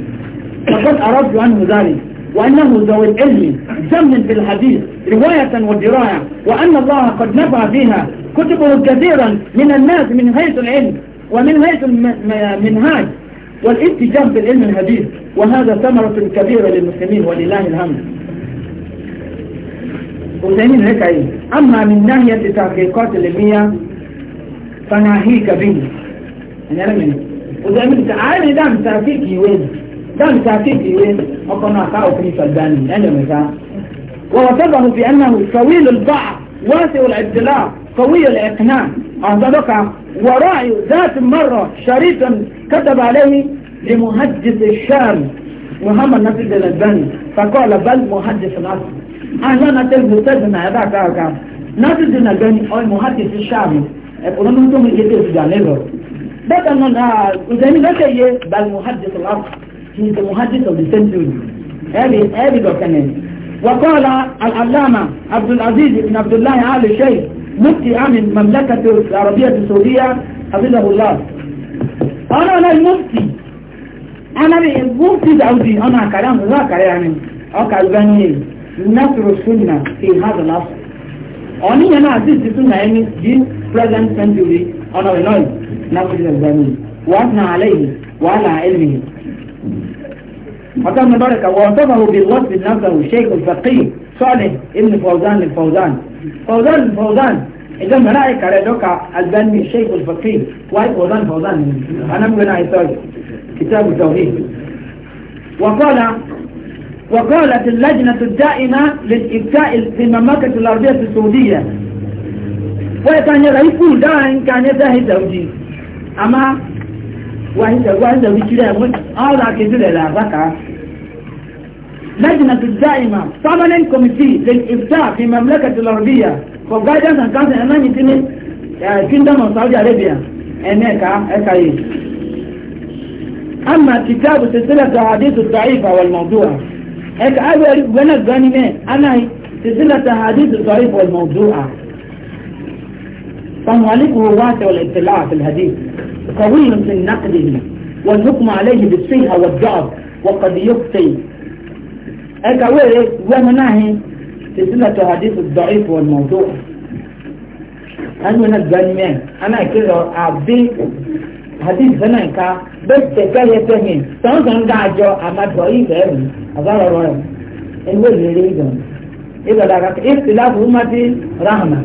فقد أردت عنه ذلك وأنه ذوي العلم زمن في الحديث رواية ودراية وأن الله قد نفع فيها كتبه كثيرا من الناس من حيث العلم ومن حيث المنهاج والاتجاه بالعلم الحديث وهذا ثمرة كبيرة للمسلمين ولله الحمد وثانين هيك ايه اما من ناحية تحقيقات العلمية فناهيك به يعني انا من وزي تعالي دعم تحقيقي وين كان كاتب إيه وقنا كاو في فلدان أنا يعني مثلا ووصفه بأنه طويل البعض واسع الابتلاع قوي الإقناع أهددك وراعي ذات مرة شريطا كتب عليه لمهجس الشام محمد نصر الألباني فقال بل مهجس الأصل أنا نتل مستجمع ذاك أكا نصر الألباني أو مهجس الشام يقولون أنتم يجب في جانبه بدل من أزمي لا شيء بل مهجس الأصل من كمهدث أو of the century early early وقال العلامة عبد العزيز بن عبد الله عالي الشيخ مفتي عامل مملكة العربية السعودية حفظه الله أنا أنا المفتي أنا المفتي دعودي أنا كلام ذاكر يعني أوكا البني نصر السنة في هذا الأصل أني أنا عزيز السنة يعني دي present century أنا بنوي نصر السنة وأثنى عليه وعلى علمه مقام مبارك ووصفه بالوصف نفسه الشيخ الفقيه صالح ابن فوزان الفوزان فوزان الفوزان إذا مرايك على دوكا ألباني الشيخ الفقيه واي فوزان فوزان أنا من عيسوي كتاب التوحيد وقال وقالت اللجنة الدائمة للإبتاء في المملكة العربية السعودية وكان يرى يقول دائما كان يدهي زوجي أما wáyé wíkírẹ̀ ọ̀rọ̀ àkèjìlẹ̀ làbákà لجنة الدائمة permanent committee للإفتاء في المملكة الأرضية for guidance and counseling among the kingdom of Saudi Arabia هناك أكاي أما كتاب سلسلة أحاديث الضعيفة والموضوع هيك أبي بنا غني أنا سلسلة أحاديث الضعيفة والموضوع فمالكه واسع الاطلاع في الحديث طويل في نقده والحكم عليه بالصيغة والضعف وقد يخطي أكوير ومناهي في سنة حديث الضعيف والموضوع أنا نجمع أنا كده عبدي حديث زمان بس تكاية تهين سنسان دعجو أما ضعيف أبني أظهر رأي انو اللي ريدون إذا لك اختلاف همتي رحمة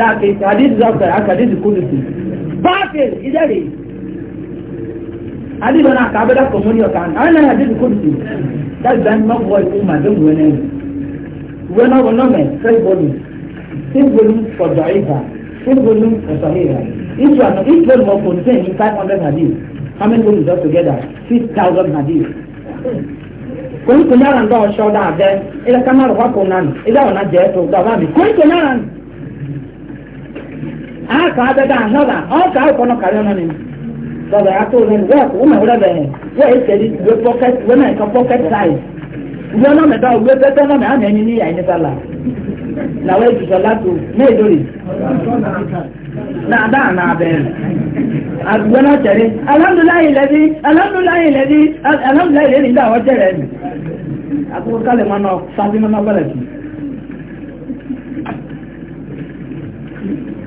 da ke hadisi za su aka hadisi kudusi batil idare hadisi na ka abada komuni ọka an na hadisi kudusi that is that not what is my don't win any we not one number three volumes three volumes for da'ifa three volumes for sahira each one each volume will contain 500 hadith how many volumes are together 6000 hadith kòní kò nyara ndọ́ ọ̀ṣọ́ dáadẹ́ ilẹ̀ kámárù wákò nánu ilẹ̀ ọ̀nà jẹ́ tó dọ̀ bá mi kòní kò nyara ndọ́ aka adada anọda ọ ka akọ nọ karịa nọ n'ime dọba ya tụrụ n'ime wee kwụ ụmụ rebe ya eseri uwe pọket uwe na nke pọket saiz uwe nọ meda uwe pete nọ na a na-enye n'iyi anyị sala na wee jụzọ na-edori na ada na abịa uwe na chere alhamdulillah ilezi alhamdulillah ilezi alhamdulillah ilezi ndị ahụ chere akụkọ nọ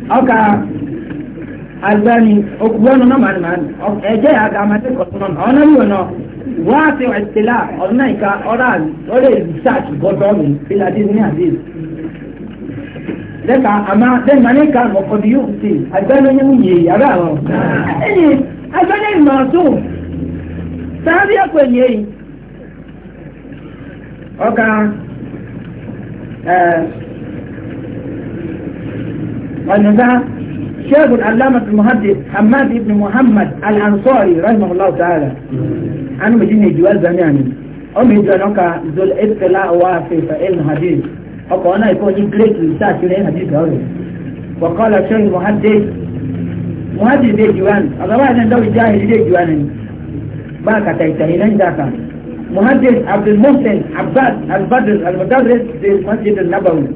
ọka albani okuwanu e na mani mani ẹjẹ ya ga amadi kọtun ọna ọna yi ọna wọn ati ọna ika ọra ọra research gbọdọ mi filadi dẹka ama dẹ mani ka mọkọdi yóò ti agbẹni onye nwunye yàrá ọ ẹni agbẹni mọtò sáábì ọka eh, والنزاع شاب العلامة المهدد حماد بن محمد الأنصاري رحمه الله تعالى أنا مجيني جوال زمياني أمي جوانوكا ذو الإبتلاء وافي فإلم حديث أقول أنا يكون جيكريت لساك لين حديث هذا وقال الشيخ المهدد مهدد دي جوان أغلبها أن دو جاهل دي جوان باكا تيتهينين ذاكا مهدد عبد المحسن عباد البدر المدرس في المسجد النبوي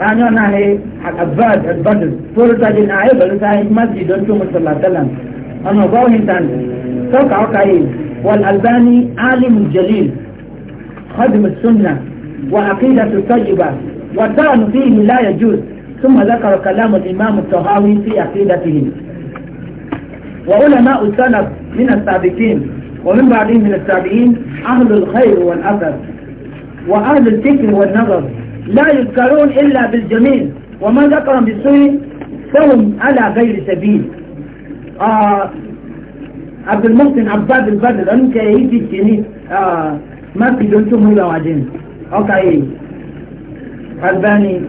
أنا يعني أنا هي أباد فرصة جنا بلسا هي مسجد أنتم صلى الله عليه وسلم أنا باوه إنسان توقع وقعي والألباني عالم جليل خدم السنة وعقيدة الطيبة والطعن فيه لا يجوز ثم ذكر كلام الإمام الطهاوي في عقيدته وعلماء السلف من السابقين ومن بعدهم من السابقين أهل الخير والأثر وأهل الفكر والنظر لا يذكرون إلا بالجميل وما ذكر بالسوء فهم على غير سبيل آه عبد المحسن عباد البدر أنك يجي تشيني ما في دونتم هلا وعدين أوكي ألباني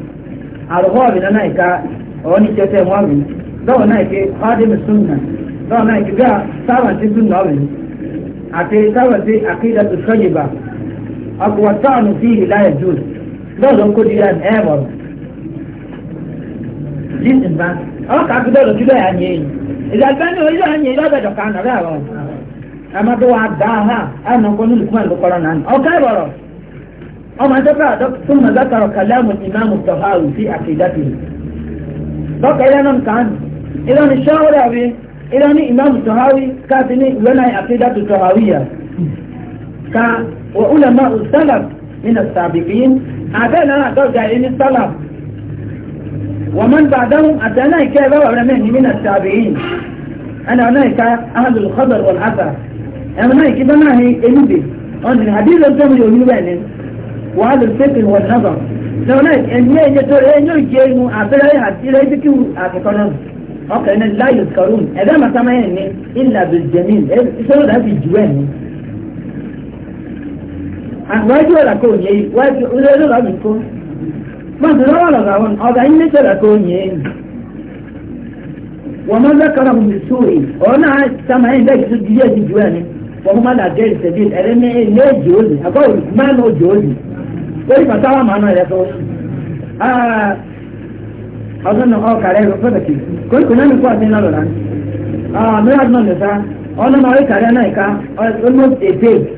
على غابن أنا إكا أوني تتم وامن دو أنا إكا خادم السنة دو أنا إكا جاء سابع تسنة وامن أتي سابع تأكيدة الشجبة أقوى الطعن فيه لا يجوز dọ́ọ̀lù ń kó di yára ẹ̀ bọ̀ lísìn bá àwọn kan kí dọ́ọ̀lù kílọ̀ yà ń yé yìí ìdàgbẹ́ ní orí yà ń yé lọ́gbẹ̀dọ̀ kan nàbẹ́ àwọn amadu wa da ha ẹnu kọ́ nínú kúmọ̀ lókọ́rọ̀ náà ọ̀ká ìbọ̀rọ̀ ọmọ ẹ̀dọ́gbà tó mọ̀ zákàrọ̀ kàlámù ìmáàmù tọ́háù sí àkìdátì dọ́kà ìlànà kan ìlànà ṣọ́ọ́rẹ́ àbí ìlànà ìmáàmù tọ́háù káàfin ní ìwé náà àkìdátì tọ́háù yà ká wà úlẹ̀ من السابقين أتنا درجة إن السلام ومن بعدهم أتنا كذا وعلمين من التابعين أنا هناك أهل الخبر والعثر أنا هناك كذا ما هي إلدي أن الحديث أنتم يؤمنون وهذا الفقه والنظر لو هناك أن يجتر أن يجينوا أبلا يحدث إلى يبكي أتكلم أوكي لا يذكرون هذا ما سمعين إلا بالجميل إذا هذا في الجوانب àmọ́ ẹjọ́ ọ̀là kò yẹ yìí wá ẹjọ́ mi kó máa tó lọ́wọ́ lọ́wọ́ àwọn ọ̀dà méjì ọ̀là kò yẹ yìí wọ́n máa lọ́kàrà mi sóòrè ọ̀nà sàmà ẹ̀ ǹdẹ́ ìṣó di yéèjì jù ẹ̀ ni wọ́n máa là dé ìṣẹ̀dí ẹ̀rẹ́ ní ilé èjì òòlì àbọ̀ òòlì lórí máa náà rẹ̀ tó ọdún náà ọkàrẹ́ rẹ̀ pẹ́tàkì kòríkò náà nìkú àti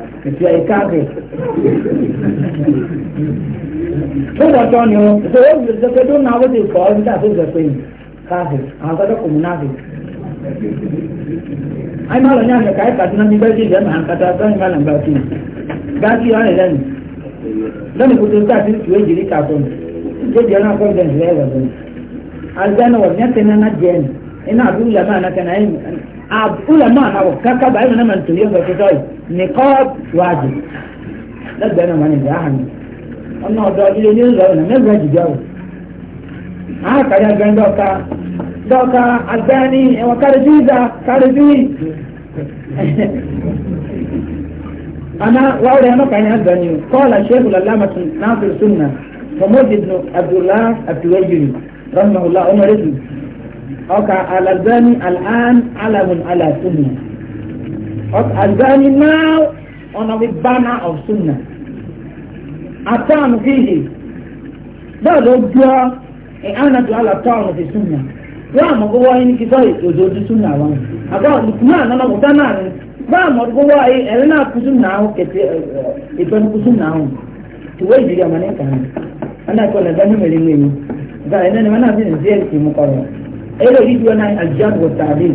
ìtì ẹ̀ka bẹ̀. Lọ́dọ̀ tọ́ ni ó, ìṣòro ìgbésẹ̀ tó náà ó ti kọ́ ọ́ nígbà tó gbẹ pé káàbẹ̀, àwọn akẹ́kọ̀ọ́ kò mú náà bẹ̀. Ayé máa lọ ní àgbẹ̀ káyé Kàdúná ní bẹ́ẹ̀ ṣèjẹ́ màá kàtà sọ́yìn máa lọ́gbà sí i. Gáàsì ọ̀rẹ́ lẹ́nu. Lọ́nà kò tó ń káàtì ìwé ìjìrí kàtọ́ mi. Ìjọ́jì ẹ̀rọ akọ́ ina bi ulama na kana yin ulama na kaka ba na man to yin ko toy niqab wajib da da na mani da han amma da ile ne da na ne waji a ka ya gan da ka da ka albani e wa karbi da ana wa da na kan albani qala sunna ومجد بن عبد الله التويجري رحمه الله عمر أوكا الزاني الآن علم ala سنة أوكا الزاني now on the banner of سنة الطعن فيه بعد الجوع إعانة على الطعن في السنة yóò mọ̀ gbogbo ayé ní kí sọ́yì òjòjú súnà wọn àbọ̀ lùkùnmá nánà kò dáná rẹ̀ báà mọ̀ gbogbo ayé ẹ̀rẹ́ náà kú súnà áhùn kẹtẹ ìbẹ̀rù kú súnà áhùn tìwé ìdílé ọmọ ní kàn án ẹ̀ náà kọ́ lẹ́gbẹ́ ní mẹ́rin mẹ́rin gbà ẹ̀ náà ni náà fi ń zí kì í mú kọ́ eléyìí dúró náà àjẹm wò tàbí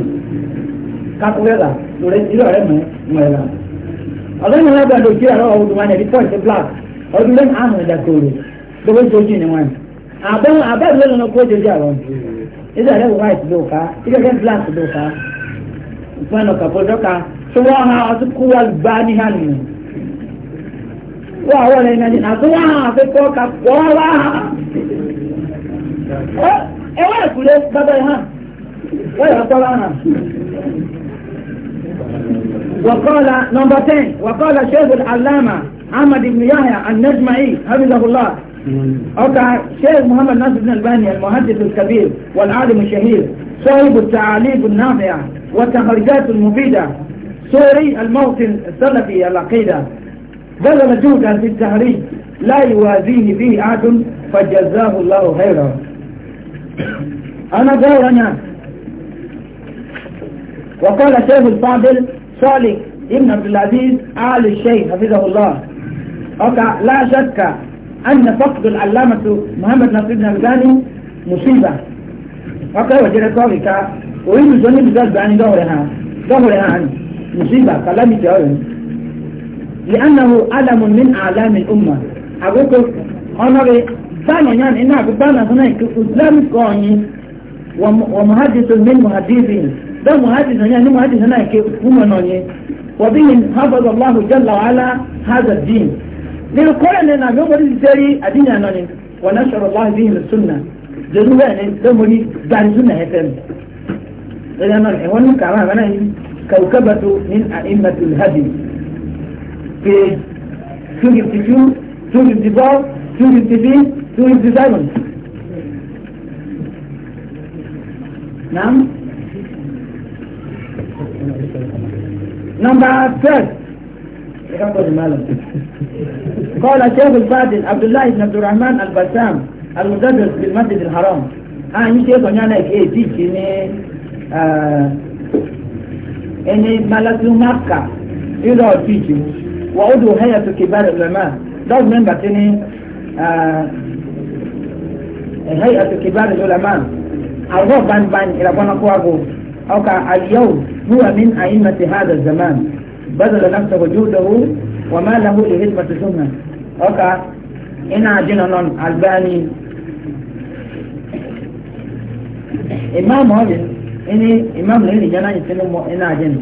kakúrẹ́ la lórí ìlú ọ̀rẹ́ mọ̀ mọ̀ la ọ̀rẹ́ mi lábẹ́ ọdún jíra lọ́wọ́ ọdún wọn ẹ̀rí pọ́ǹtì black ọdún lẹ́nu àmọ̀ ìdàkọ̀rọ̀ gbogbo ìjọjú ni wọn. àbẹ́ àbẹ́ ìlú lọ́nà kó jẹjẹ àwọn ìdí ọ̀rẹ́ white ló ká ìdí ọ̀rẹ́ black وقال نمبر 10 وقال شيخ العلامة عمد بن يحيى النجمعي حفظه الله أوكى شيخ محمد ناصر بن الباني المهندس الكبير والعالم الشهير صاحب التعاليم النافعة والتخرجات المفيدة سوري الموطن السلفي العقيدة بذل جهدا في التهريج لا يوازيه به أحد فجزاه الله خيرا أنا دورنا وقال شيخ الفاضل صالح ابن عبد العزيز آل الشيخ حفظه الله أوكا لا شك أن فقد العلامة محمد نصر بن الغاني مصيبة أوكا وجرى قولك وإن زنب ذات عن دورها دورها عن مصيبة كلامي تقول لأنه ألم من أعلام الأمة أقول أنا سامع يعني إنها قدامنا هناك إسلام قاني ومهدث من مهدثين ده مهدث يعني مهدث هناك هم نوني وبهم حفظ الله جل وعلا هذا الدين للقرآن لنا بيوم الزاري أديني أنوني ونشر الله به للسنة جنوبا يعني ده مريد دعن سنة هتم إذا أنا الحيوان كعبها بناني كوكبة من أئمة الهدي في سورة الجنوب سورة الجبار 253 257 نعم نمبر 12 قال شيخ الفاضل عبد الله بن عبد الرحمن البسام المدرس في المسجد الحرام ها آه، اني شيخ انا ايه تيجي ني آه، اني ملك مكه الى تيجي وعضو هيئه كبار العلماء ده من بتني آه، هيئة كبار العلماء أو بان بان إلى كنا قوابه أو اليوم هو من أئمة هذا الزمان بذل نفسه وجوده وما له لهدمة السنة أو إنا جنن الباني إمام هذا إني إمام لين جنا يتنم إنا جن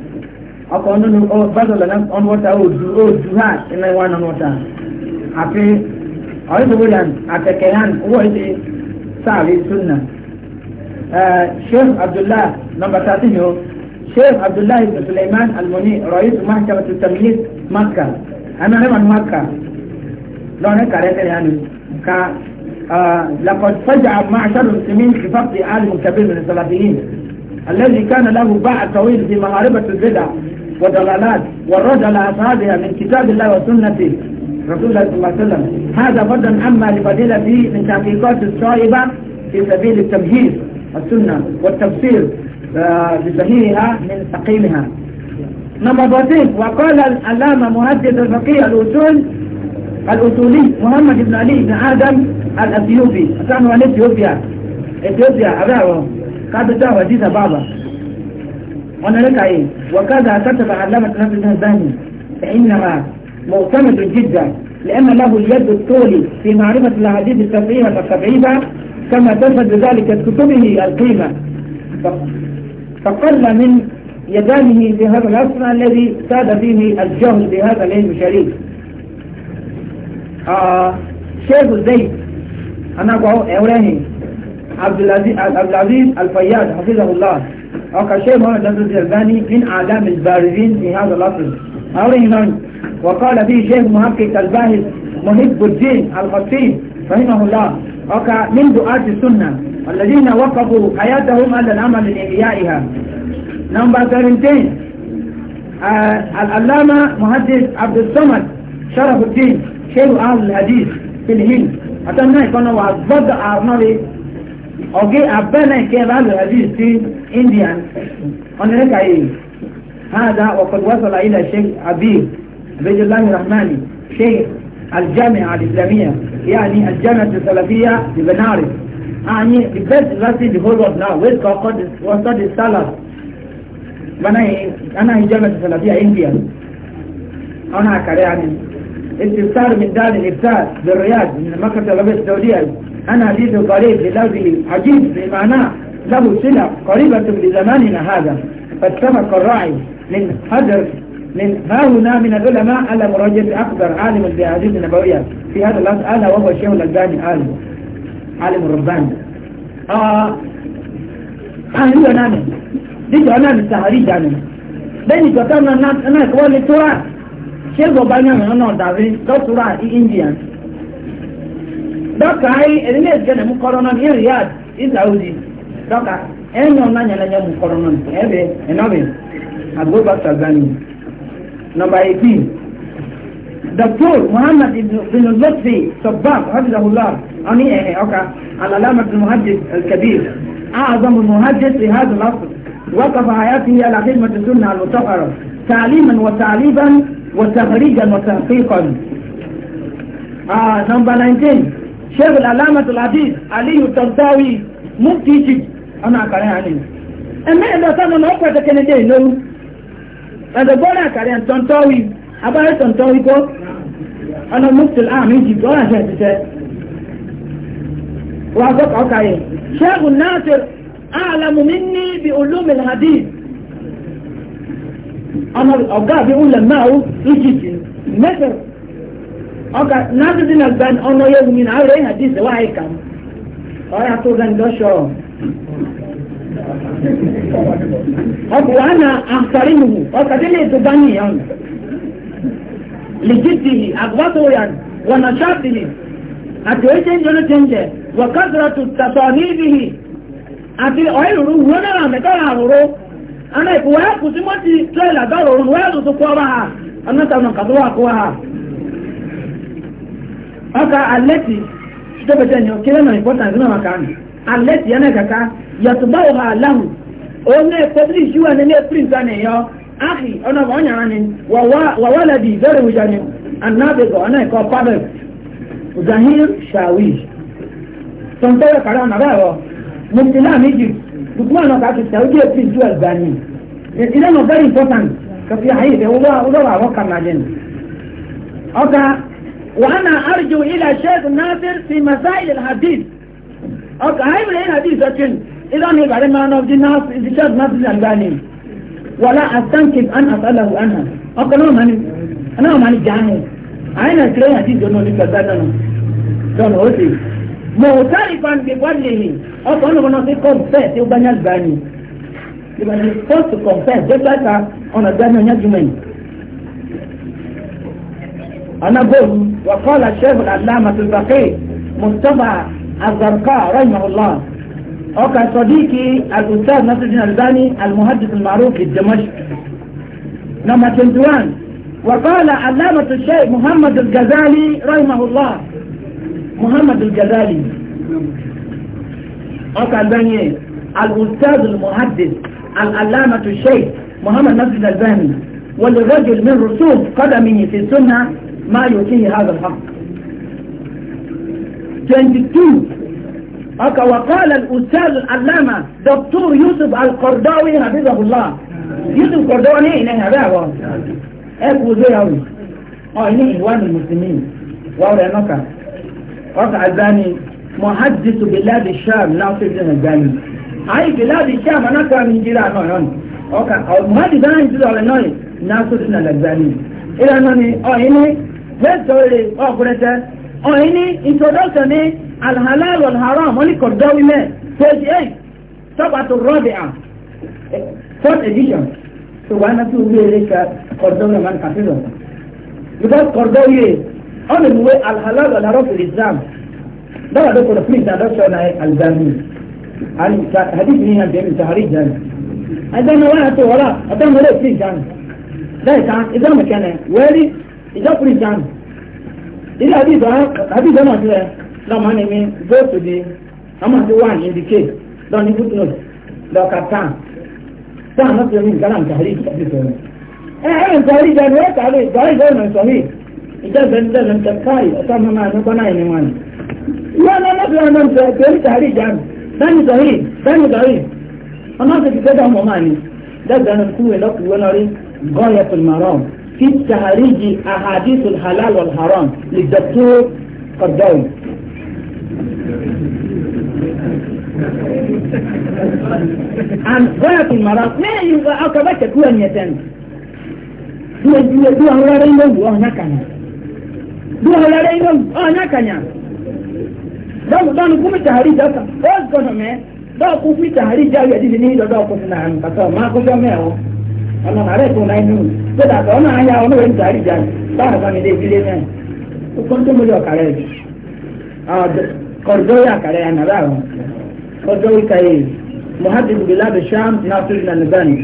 أكو أنو بذل نفسه أنو تاو دو دو إنا وانا نوتا أفي عايز اقول انا الكيان وعد ايه سعري السنة آه شيخ عبد الله نمبر 30 شيخ عبد الله بن سليمان المني رئيس محكمة التمييز مكة أنا نعم مكة لو انا عليك يعني كا آه لقد فجع معشر المسلمين في فقد عالم كبير من السلفيين الذي كان له باع طويل في مغاربة البدع ودلالات والرد على أصحابها من كتاب الله وسنته رسول الله صلى الله عليه وسلم هذا فضلا أما لفضيلة فيه من تحقيقات الصائبة في سبيل التمهيد السنة والتفسير آه، لصحيحها من سقيمها نمبر وقال العلامة مهدد الفقيه الأصول الأصولي محمد بن علي بن آدم الأثيوبي كان من إثيوبيا إثيوبيا أبعه قد تعوى جيزة بابا وانا لك ايه وكذا كتب علامة نفس الزهني فإنما معتمد جدا لأن له اليد الطولي في معرفة الأحاديث التفعيمة والتفعيمة كما تشهد ذلك كتبه القيمة فقل من يدانه في هذا العصر الذي ساد فيه الجهل بهذا العلم الشريف آه شيخ الزيت أنا أقول أولاني عبد العزيز عبد العزيز الفياض حفظه الله وكشيخ محمد نصر الزرباني من أعلام البارزين في هذا العصر أورينا وقال به شيخ محقق الباحث محب الدين القصيم رحمه الله وقع من دعاة السنة الذين وقفوا حياتهم على العمل لإحيائها نمبر 17 العلامة محدث عبد الصمد شرف الدين شيخ أهل الحديث في الهند أتمنى يكون وعبد أرنالي أوكي أبنى كيف أهل الحديث في إنديان أنا لك أيه هذا وقد وصل إلى الشيخ أبيه عبد الله الرحماني شيخ الجامعة الإسلامية يعني الجامعة السلفية ببنارس يعني the best university in the whole world now with Concord وصد السلف أنا أنا الجامعة السلفية إنديا أنا كريم يعني. استفسار من دار الإفتاء بالرياض من مكة العربية السعودية أنا حديث قريب للفظ عجيب بمعنى له صلة قريبة لزماننا هذا فاتفق الراعي من حجر من ما هنا من العلماء على مراجعة أكبر عالم بأحاديث النبوية في هذا انا وهو الشيخ الألباني عالم عالم الرباني آه أهل أنامي ديجو انا السهري جاني بني كتابنا الناس أنا كوال للتورا شيخ الألباني من انا دعوين دو تورا إي إنديان دوكا هاي الناس كان مقارنة من رياض إيه سعودي دوكا ẹni ọ̀nà nyẹlẹ́nyẹ mú kọ́rọ́ náà nìkan ẹ̀bẹ̀ ẹ̀nọ́bẹ̀ abubakar albani nọmba eighteen dr muhammad ibn lutfi sabab hafizahullah ọ̀ní ẹ̀hẹ̀ ọ̀ka alalama bin muhammad alkabir أعظم المهجس في هذا العصر وقف حياته على خدمة السنة المتقرة تعليما وتعليبا وتخريجا وتحقيقا آه نمبر 19 شيخ العلامة العزيز علي التنطاوي مفتي ọ̀nà àkàrẹ́ hàn nìyẹn ẹ̀mẹ́ ìdọ̀tọ́ ọmọ ọ̀pọ̀ ẹ̀tẹ́kẹ́ ní dé ìlówó ẹ̀dọ̀gbọ́n a tọ̀ntọ́wì abáyé tọ̀ntọ́wì kó ọ̀nà mùsùlùmí àmì jì tó ọ̀nà ṣẹ̀ṣẹ̀ wà gbọ́kọ̀ ọ̀kà yẹ ṣẹ́gun nasir alamu mi ní bi olómi hadith ọ̀nà na àbí ulẹ̀ máa ó egypt mẹ́sẹ̀ ọ̀kà nasir dín ọ̀nà kam. ọ̀rẹ́ àtúndàn lọ́ṣọ̀ ọkùnrin wa na àǹfààní nìyí ọkàdé lè tó bá nìyàn lìjìtì àgbàtòyà wọnà ṣáàtìlì àti oríṣi ìjọba tẹ̀ǹjẹ̀ wọ̀kàtúrà tàtọ̀ na àti ọ̀ẹ́rùrù wọn náà mẹ́tọ́rà àrùrù ana ìkùwẹ́ kù sí mọ́tì tẹ́lẹ̀ àdọ́rùrù wọn ọba ha ha dabata nyo kila na important na makani unless yana kaka yatubau ha lahu one publish you and ne print ane yo akhi ona ba onya ani wa wa waladi zaru jani annabi go ana ko pabe zahir shawish tonto kara na ba yo mutila miji dukuma na ka ki saudi e print you albani ila no very important kafi hayi de ulo ulo wa kan na jen oka وأنا أرجو إلى شيخ ناصر في مسائل الحديث أوكي هاي من الحديث لكن إذا أنا بعد ما أنا بدي ناس إذا شيخ ناصر الألباني ولا أستنكب أن أسأله عنها أوكي أنا ماني أنا ماني جاهل أنا كلي حديث جنون لكتابنا جون هوسي معترفا بوجهه ما أنا بنصي كونفيس يبقى الألباني يبقى نصي كونفيس جبتها أنا جاني يجمعين أنا قلت وقال الشيخ العلامة البقي مصطفى الزرقاء رحمه الله وكان صديقي الأستاذ نصر الدين الباني المهندس المعروف في دمشق نمبر 21 وقال علامة الشيخ محمد الجزالي رحمه الله محمد الجزالي وكان بني الأستاذ المهندس العلامة الشيخ محمد نصر الدين الباني والرجل من رسوب قدمه في السنة ما يؤتيه هذا الحق 22 أكا وقال الأستاذ العلامة دكتور يوسف القرداوي حفظه الله يوسف القرداوي نيه نيه هذا أكو إيه زي أوي أه نيه إخوان المسلمين وأولا نكا رفع الزاني محدث بلاد الشام ناصر بن الزاني أي بلاد الشام أنا كان من جيران نوي نوي أوكا المحدث أنا يجوز على نوي ناصر بن الزاني إلى نوي أه نيه fẹ́sọ̀rẹ̀ ọ̀pẹ̀rẹ̀tẹ̀ ọ̀hìn ní introduction ní alhalal alharam wọ́n ní kọ̀dọ́wílẹ̀ page eight sọ́pàtò rọ́bìà fourth edition ṣùgbọ́n a náà tún wí eré ka kọ̀dọ́wílẹ̀ máa ń kàfé lọ. because kọ̀dọ́wílẹ̀ ọ̀nà ìwé alhalal alharam for exam dáwà ló kọ̀dọ̀ fún introduction náà alzami hadith ní hàn bẹ́ẹ̀ mi sàárì jẹ́ ẹgbẹ́ náà wọ́n yà tó wọ́lá ọ̀tọ́ mi lè fi ìjánu. It's pretty done. This hadith, hadith I'm not there. No man, I mean, go to the, I'm not the one in the Don't put Look at time. Time not to mean, Kalam Tahrir, that is all. في تهريج أحاديث الحلال والحرام للدكتور قرداوي عن غاية المرض ما يبقى عقبتك نعم، هو اليتامى هو هو هو رينو هو هناك أنا هو هو رينو هو هناك أنا دام دام كم تهريج هذا أصلا ما دام كم تهريج هذا يدي نيجا دام كم نعم كذا ما كذا ما هو ọ̀nà ààrẹ tó náà inú gbọ́dọ̀ àtọ̀ ọ̀nà àyà ọ̀nà òun tàrí jà báwọn kan ilé ìdílé náà ó kọ́ tó múlẹ̀ ọ̀kàrẹ́ rẹ̀ kọ̀dọ́rì àkàrẹ́ yà nàrà àwọn kọ̀dọ́rì kàyé muhammed bilal sham nasir nanibani.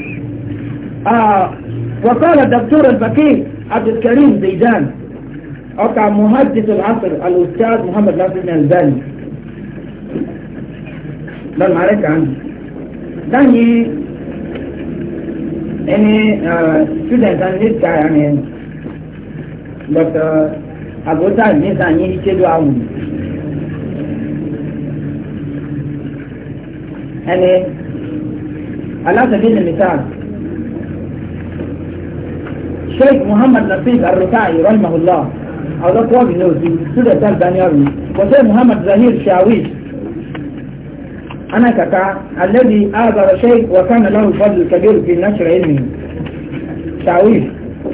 وقال الدكتور البكير عبد الكريم زيدان أقع محدث العصر الأستاذ محمد ناصر الألباني ده المعركة عندي ده any uh, student on this guy, I mean, Dr. Abota Nisa Nyi Chedu Awun. And Allah Sabil Misal, Sheikh Muhammad Nasib Al-Rukai, Rahimahullah, although Kwami knows, student of Daniel, Jose Muhammad Zahir Shawish, أنا كتا الذي آذر شيء وكان له فضل كبير في نشر علمه تعويل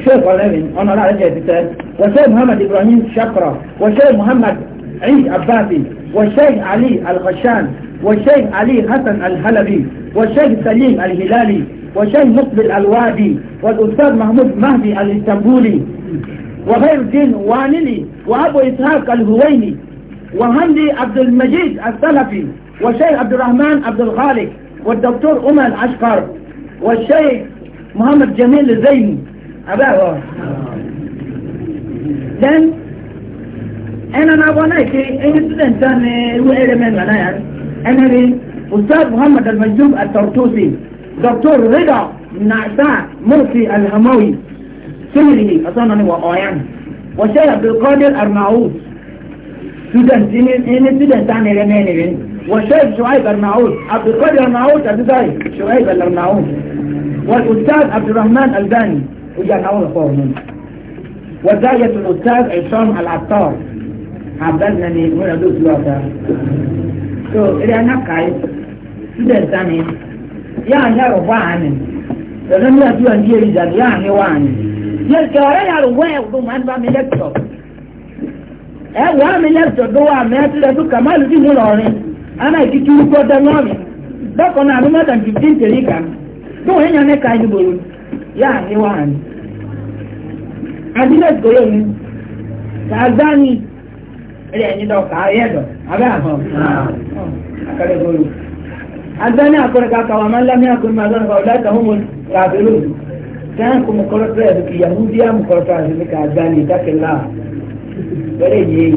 شيخ الأمين أنا لا أرجع بتاعي وشيخ محمد إبراهيم شقرة وشيخ محمد عيد عباسي والشيخ علي الغشان والشيخ علي حسن الهلبي والشيخ سليم الهلالي والشيخ مقبل الوادي والأستاذ محمود مهدي الإسطنبولي وغير الدين وانلي وأبو إسحاق الهويني وهندي عبد المجيد السلفي والشيخ عبد الرحمن عبد الخالق والدكتور أمل عشقر والشيخ محمد جميل الزيني أباه then أنا ما إنسان ثاني وإيرمان أنا أنا لي أستاذ محمد المجذوب الترطوسي دكتور رضا نعساء مرسي الهموي سيري أصلا وقايان وشيخ عبد القادر أرناؤوس سودان سيني سودان ثاني رميني والشيخ شعيب الرناعوت عبد القادر الرناعوت أبداي شعيب الرناعوت والأستاذ عبد الرحمن الباني وجمعون أخوه منه وداية الأستاذ عصام العطار عبدالنني من أدوس لوطا so إذا نقعي سيدان ثاني يعني يعرف وعني لأنه يأتي أن يريد يعني وعني يذكرين على وين وضم أن بعمل لابتوب أه وعمل لابتوب هو عمل لابتوب كمال دي مولارين ana ikike ukwu ọdọ n'ọrịa dọkọ na arụ mmadụ fifteen tere ka ka anyị gboro ya anyị adịna anyị ere anyị ka ahịa dọ abịa ahụ akarịgoro azụ anyị akọrọ ka akawa ma akọrọ ma azụ ụmụ ka abịrị ozu ya ya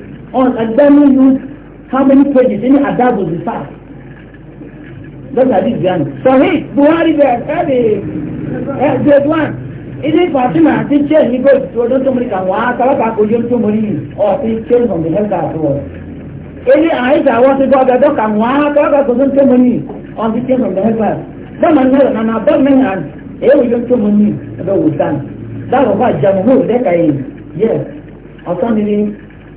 on examine you how many pages any adab will be found. That's hadith Jani. Sahih, Buhari there, grade one. Ilé Fatima àti Chair ní Gbèsè tí ọdún tó mú ní kà wọ́n á sábà kò yé tó mú ní ọ̀sí Chair from the health authority. Ilé Àìsà wọ́n ti bọ́ ọ̀gá dọ́kà wọ́n á sábà kò yé tó mú ní ọ̀sí Chair from the health authority. Bọ́ọ̀mà ní ọ̀rọ̀ nàná bọ́ọ̀ mẹ́rin àná èyí wò yé to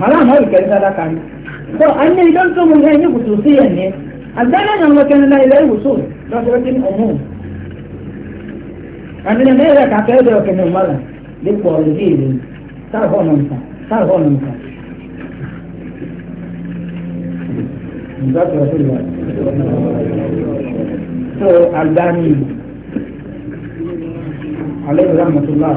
haram har kai sadaka ne to an ne idan to mun gani hususiyan ne azana nan wakan la ilahi husus da wakin umum an ne ne da ka kai da wakan mala da ko ji ne sar honon sa sar honon sa to albani عليه رحمة الله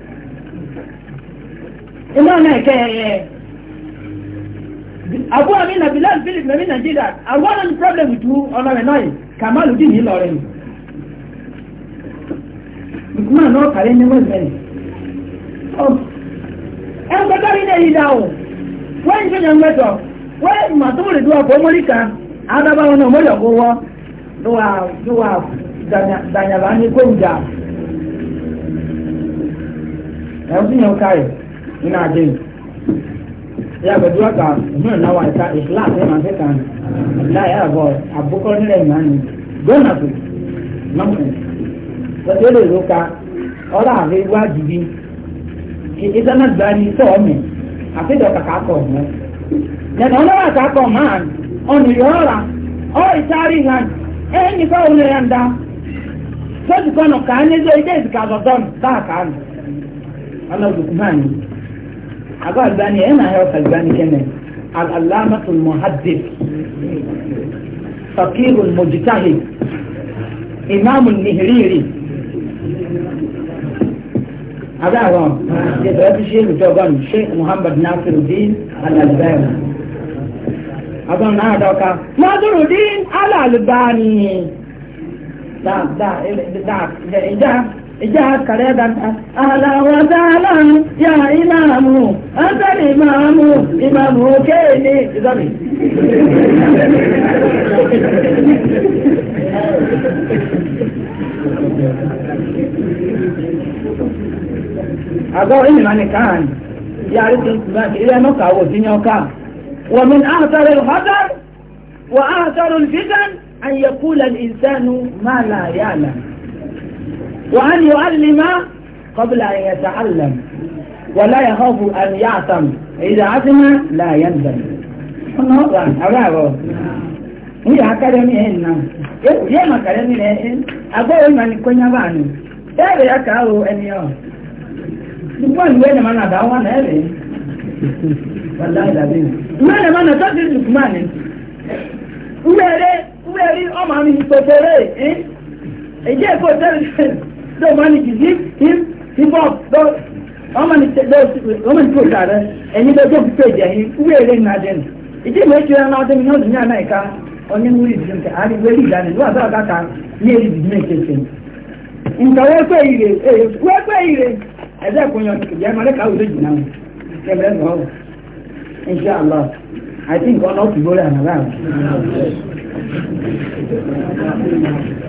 i náà kẹ́ẹ̀ẹ́ àbú àmì na bilal philip nàbí nàìjíríà àwọn ọ̀nà problem tu ọ̀nà rẹ̀ ka kàmáàlù dì ní ìlọrin ìgbìmọ̀ náà na ọkara wọ́n bẹ̀rẹ̀ ẹgbẹ́gbẹ́ rí náà yìí oh. dáwọ̀ wọ́n ń gbìyànjú mẹ́tọ̀ wọ́n mà tó rè dúwà kó mórí kan adábáwọn náà mórí ọ̀kọ́ wọ́ dúwà dúwà dànyàbá ní kóńjà ẹ̀ ń gbìyànjú káyọ̀ ina jin ya bụ duwa ka mun na wa ita islam ne man sai kan la ya go abukor ne man na su mamu ko te le roka ora ahụ wa jibi na ka ka no na ka ọ man on yora o itari han e ni ko ne ya so ka ne zo ide ka zo don ba ka anyị. أقول باني أين أوصل باني كنه العلامة المهدف فقير المجتهد إمام النهريري هذا هو هذا الشيء متوقع شيخ محمد ناصر الدين الألباني هذا هو هذا هو ناصر الدين الألباني لا لا لا لا جاءك يدك أهلا وسهلا يا إمام أنت الإمام إمام كيني زمي أقول إني ماني كان يعرف إلى مكة وسنيوكا ومن أخطر الخطر وأخطر الفتن أن يقول الإنسان ما لا يعلم وأن يعلم قبل أن يتعلم ولا يخاف أن يعتم إذا عتم لا يندم النهضة أبابه هي أكاديمي هنا يا ما أكاديمي هنا أقول ما نكون يباني تابع كاو أنيو لقمان وين ما ندعوان هذي والله العظيم ما ما نتاجر لقمان ويري ويري أمامي بطريق إيه إيه كوتر إيه؟ don't manage to live, him, hip hop, don't, wọ́n mọ̀ ní tó ṣàrẹ́ ẹ̀yin lọ́jọ́ pípé ìjà yìí wúwo èrè ńlá dẹ́nu ìdí ìwé tí wọn náà tẹ́mi náà ní àná ìka ọ̀nìmúrì ìdílé nǹkan àti ìwé ìjà ni wọ́n àtàwọn kàkà ní èrè ìdílé kẹsẹ̀ i think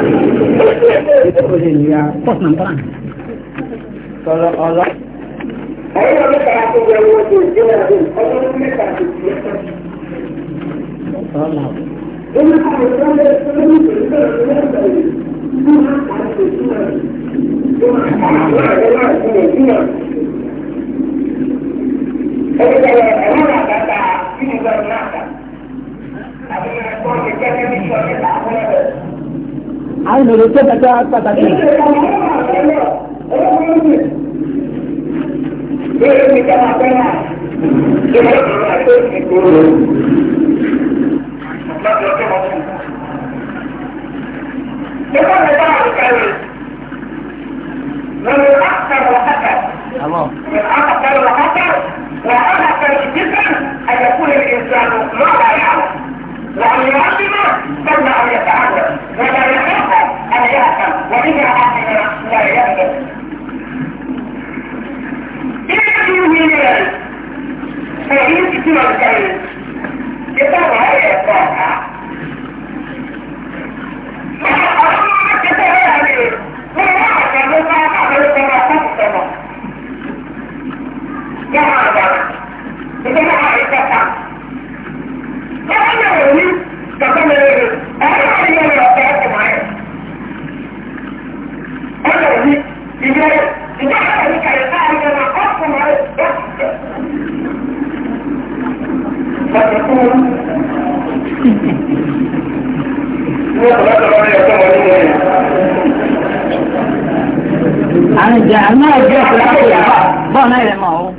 ètò òde ìlera first and plan. sọ̀rọ̀ ọ̀rọ̀. ọ̀rọ̀ mẹ́ta tó yẹ wọ́n tó jẹ́ ọdún mẹ́ta tó yẹ kọ́. sọ̀rọ̀ Ebi ka lè sọ lé sọ́dọ̀ ní ìgbésẹ̀ ìgbésẹ̀ ìgbésẹ̀ ìlú máa ń kà sí ìdúrà yóò máa kà á lọ́wọ́ ẹ̀rọ náà sí ìdúrà. Ebi ka lè ẹ̀rọ náà kàtà sí ìdúrà náà kà. Àbí ẹ̀kọ́ ìjẹ́kẹ́ ní ìṣọ̀lẹ̀ àwọn ẹ̀rọ. àwọn ènìyàn ló tẹ́ tẹ́tẹ́ pàtàkì. من أكثر الخطر من أكثر الخطر وأكثر الفتن أن يكون الإنسان ما لا يعلم وأن يعظم بل يتعلم ولا يخاف أن يهتم وإذا عظم لا يهتم إذا يؤمنون فيمكن الكلام يتوى هي الطاعة Yeah. Àwọn jẹ́ ìpínlẹ̀ àpò ìyàbá, bọ́ọ̀ náà ìrẹ̀mọ̀ ọ̀hún.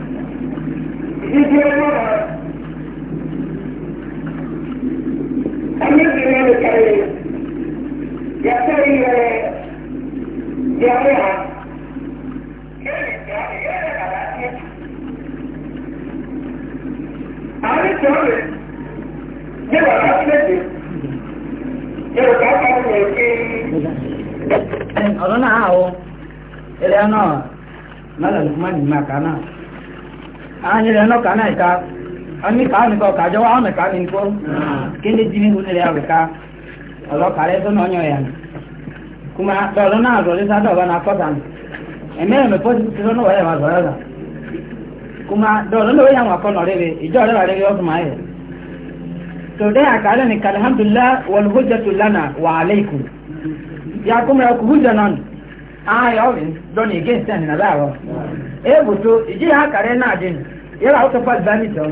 அன்னைக்கு மேலே கரை எத்தனை ஜாலியா அது சொல்லு எவ்வளோ காசு எவ்வளோ காசு அதான் ஆகும் இல்லையா மேலே இருக்குமா நீமா காணா ஆ இல்லை என்ன காணா இருக்கா ọní ka nìkan ọkà àjọwà ọ̀nà kàá ka kó kéde jí nínú ilẹ̀ àwẹ̀ká ya tó náà yàn yàn kúmà dọ̀lọ́ náà zọ̀lẹ́ náà kọ́ta ẹ̀mẹ́ ẹ̀mẹ́ pọ́sí ti sọ́nà wọ́yẹ̀ wà zọ̀rọ̀ ọ̀gá kúmà dọ̀lọ́ wal hujjatu lana wa alaykum ya ya. ọkù hujja náà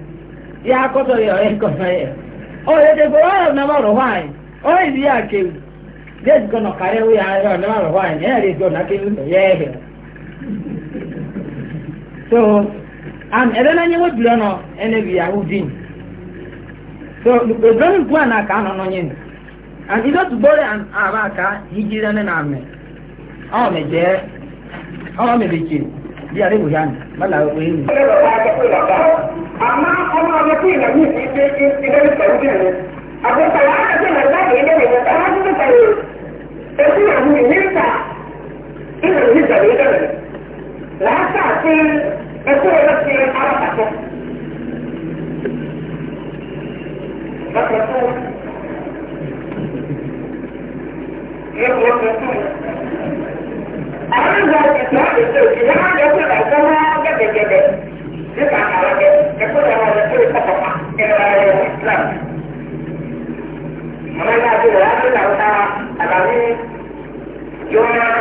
ya eh, oh, akọtọ ya ịkọtọ ya ọ yedegbo ọ yọ nama ọrụ nwaanyị ọ ezi ya kewu jezikọ nọ karịa ya ọ nama ọrụ nwaanyị ya ezigbo na kewu nọ ya ehe so and ebe na nyewe duro nọ enebi ya udin so ebere nkwu a na-aka anọ n'onye nụ and ido tubore aba aka hijiri na ame ọ mejee ọ mebechiri bí àríwò yá ni mọ́là òwe ni. àmọ́ ọmọ ọmọ tí ìlànà yìí ti ṣe ilé ìtọ́jú ìlú àgbẹ̀sọ̀rọ̀ àti ìlànà láti ilé ìlú ọmọ tó ti sọ̀rọ̀ èsì ìlànà ìlú ìta ìlànà ìlú ìtọ́jú ìlú làásà sí ẹkú ẹ̀rọ sí alábàtọ́. Thank you. Àwọn ọmọ ìgbà tó ṣe ìṣẹ̀lẹ̀ máa ń jẹ́ pé ẹ̀kọ́ máa ń gẹ́gẹ́gẹ́gẹ́. Nípa àwọn ẹ̀kọ́ ìjọba ọ̀rẹ́ tó ìpapọ̀ máa ń kẹ́ra ẹ̀rọ ìsìlámù. Àwọn ọmọ àti ìwà tó làwọn ta àlàyé yóò máa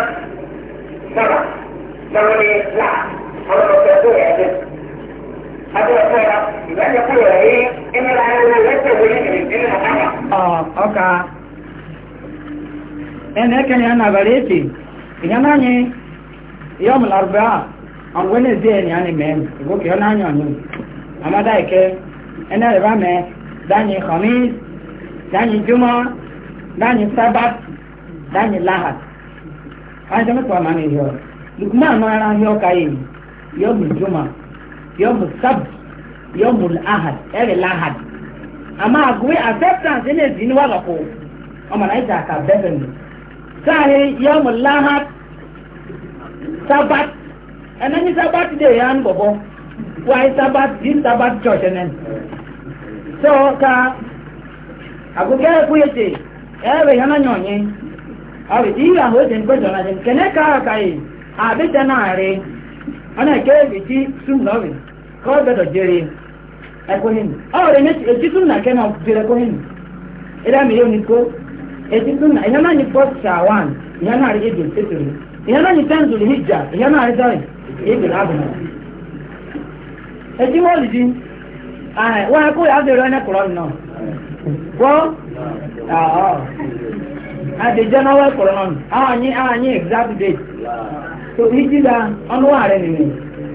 sọ̀rọ̀ lọ́wọ́ ní là àwọn ọ̀sẹ̀ tó yẹ ẹ̀dẹ́. Adé ọ̀sẹ̀ ìgbàjọ kúrò rẹ̀ yí ìyẹn náà yẹn ìyá ọmọ làrúbá àwọn wednesday ẹni àná mẹ ìgbókè ọ náà yàn àmàdá ìkẹ ẹni ẹrẹ bá mẹ dání khamis dání juma dání sabat dání lahat àwọn máa ní àná ara yọ ká yìí yọ juma yọ mu lahat ọmọ náà ìjà sahe yamun lahat sabat ẹnna sabat dé ya ń bọ̀bọ̀ sabat dín sabat church ẹnẹ so ka agogẹ́ ẹ̀kú yẹ ti ẹ̀rẹ̀ yẹn náà yọ̀nyẹ́ ọ̀rẹ̀ tí ìyá àwọn èdèǹkọ́ jọ̀nà jẹ́ kẹ́nẹ́ káàkà yìí àbíjẹ náà rí ọ̀nà ìkẹ́rẹ́ ètí súnmọ́rì kọ́ gbẹ́dọ̀ jẹ́rẹ́ ẹ̀kọ́ hìn ọ̀rẹ̀ ètí súnmọ́ kẹ́nà jẹ́rẹ́ ẹ̀kọ́ hìn ẹ̀dá mi yóò ní kó eti sunna ìyẹn náà ní first shawan ìyẹn náà rí ebi fitiri ìyẹn náà ní ten zulu hijja ìyẹn náà rí dari ebi abuna eti wọ́ọ̀lì di wọ́n ẹ̀kú yà á bẹ̀rẹ̀ ẹni a nù náà wọ́n àdèjọ́ náà wọ́n kúrọ̀ nù àwọn yín àwọn yín exact date so hijira ọ̀nù wà rẹ̀ nìyẹn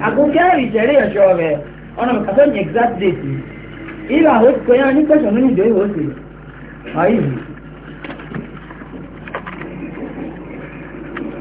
àgùkẹ́ ìṣẹ̀rí ẹ̀ṣọ́ rẹ̀ ọ̀nà kàfẹ́ ní exact date ìlà anyị kọ́yá n'onye pẹ̀sọ̀ nínú ìdòwò sí ọ̀yìn.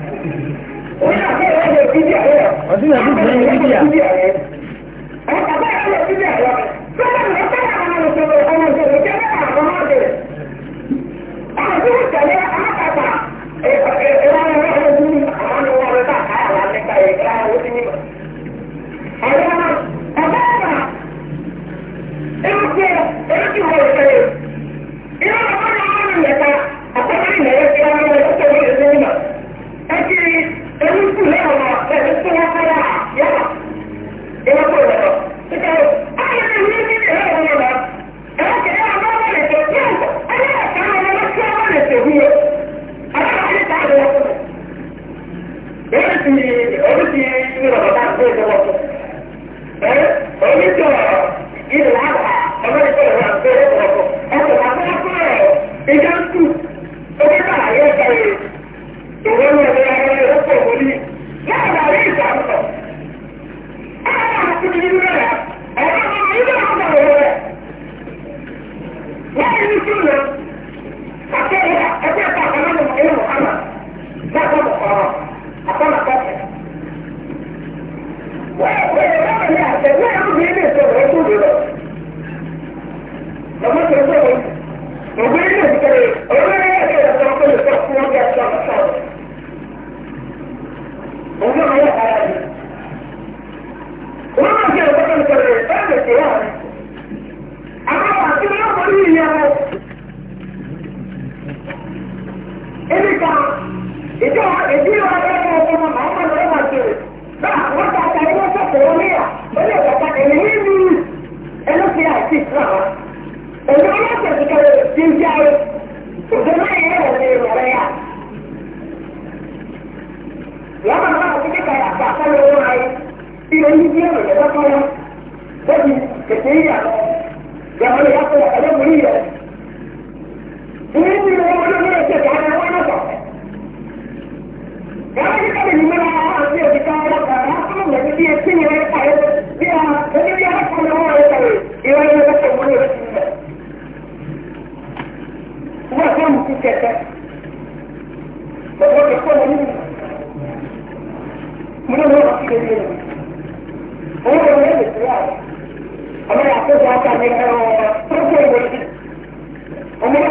ọdún ẹ̀dùn fún ẹ̀yẹ bíbíà. Àwọn ọmọ ìṣẹ̀lẹ̀ àwọn àgbàgbà Therefore, Adesso anche a me erano proprio così. Non mi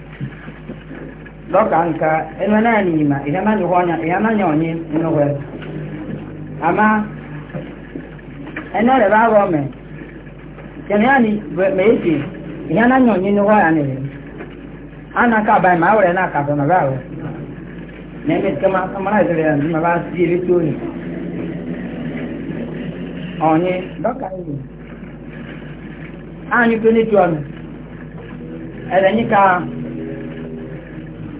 lọ́ka nka ẹnu ẹ̀ náà nìyí mà ìyá má nyọ̀ ọ̀nyà ìyá má nyọ̀ ọ̀nyí nínú wẹ̀ àmà ẹnu rẹ̀ bá wọ̀ mẹ̀ kẹ̀nẹ́ àní mẹ̀ẹ́sì ìyá ọnyị nyọ̀ anyị nínú wẹ̀ àná rẹ̀ àná ma báyìí mà áwọ̀ rẹ̀ na kàbọ̀ mà bá wọ̀ ya anyị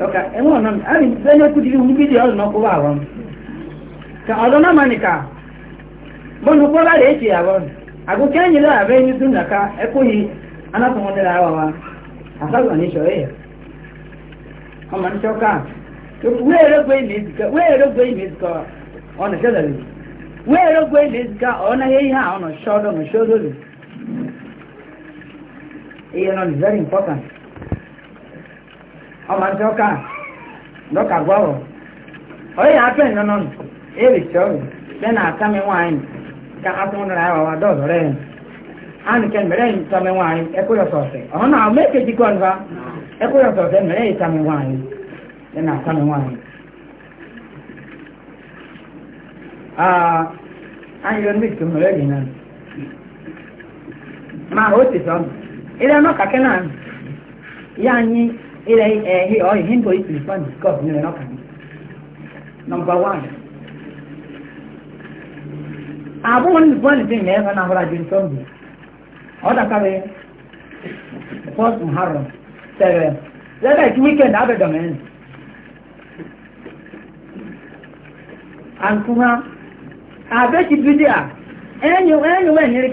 lọ́ka ẹ̀wọ̀n náà àrí lẹ́yìn kú dìrí ohun bídìí ọ̀rùn náà kó wà wọn. ka ọ̀dọ́ náà máa nìka bọ́ọ̀lù bọ́lá rèé ṣe àwọn àgọ́ kẹ́yìn lọ́wọ́ àbẹ́ ní tún nàka ẹ̀kọ́ yìí anákùnrin lẹ́la wà wá àtàgbà ní ìṣọ̀rẹ́ yẹ. ọmọ ní sọ́ka wéèrègbè ìmẹ̀sìkọ ọ̀nà ṣẹlẹ̀ rẹ̀ wéèrègbè ìmẹ̀sìkọ ọ̀nà yẹ ihe àwọn ọ̀nà ṣọ́ọ́dọ̀ ọ̀nà ṣọ́ọ́dọ̀ rẹ̀. ìyẹn on is very important. ọmọ ntẹ ọka dọka gbọrọ ọyẹ apẹ nnọnọ ebi tọrọ bẹẹ na ata mi nwaanyị ka atụmụ nara awa wa dọọzọ rẹ anụ yìí tọ mi nwaanyị yọ sọọsẹ ọhún náà ọmọ èkejì kọ nfa yọ yìí na ata mi anyị yọrọ mmiri tụmụrụ na ma ti sọ ilé ọmọ kàkẹ́ náà yá ilẹ̀ ẹ̀hí ọ̀ ìhín tó yìí tìlifán discuss nílẹ̀ náà kàbí. Nọmba wán. Àbúrò ní ìfọ́n ìfín mẹ́rin fún ahọ́rọ̀ àjò ìsọ́ǹdì. Ọ̀dà kábẹ́ first Muharram sẹ̀rẹ̀ lẹ́dà ìtú weekend abẹ́dọ̀ mẹ́rin. Àǹkúmá àbẹ́tì bídíà ẹ̀yìn ẹ̀yìn nyere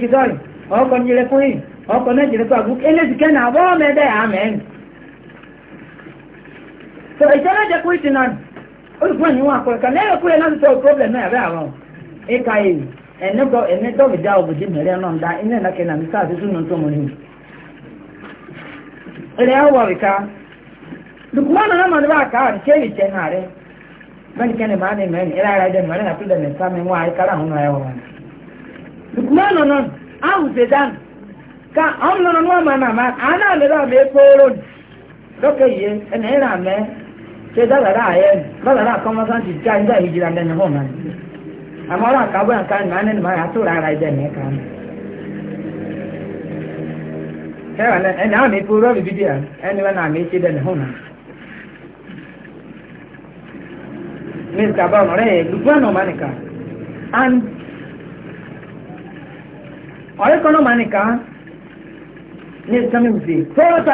so ìṣẹ̀lẹ̀ jẹ́ kú ìtì náà olùkọ́ ni wọ́n akọ̀rọ̀ kan lẹ́yìn kúrẹ́ náà ti sọ problem náà bẹ́ẹ̀ àwọn ìka èyí ẹ̀nẹ́gbọ́ ẹ̀nẹ́gbọ́ mi já òbòjì mẹ́rẹ́ náà dá iná ìnáke náà mi sáà ti súnmọ́ tó mọ́ ni. ilẹ̀ ọwọ́ ìka lukumanu náà ṣé náà bẹ́ẹ̀ni kẹ́ni ní mẹ́rin ara mẹ́rin àti ṣe dáradára ayẹ́ dáradára kọmọsáǹtì já ń dá ìjìlá lẹ́nu hàn náà àmọ́ ọ̀rọ̀ àkàbọ̀ àǹkà ní máa nínú máa tó rárá ibẹ̀ ní ẹ̀ka ní. ẹni àwọn èèpo rọ́ọ̀lù bíbí à ẹni wọn àmì ṣe dẹnu hàn náà. miss kabam ọ̀rẹ́ ẹ̀ gbogbo àná ọ̀mánìkà and ọ̀rẹ́ kan náà ọ̀mánìkà ní ìsọ́nù ìsè tó rọ́ọ̀tà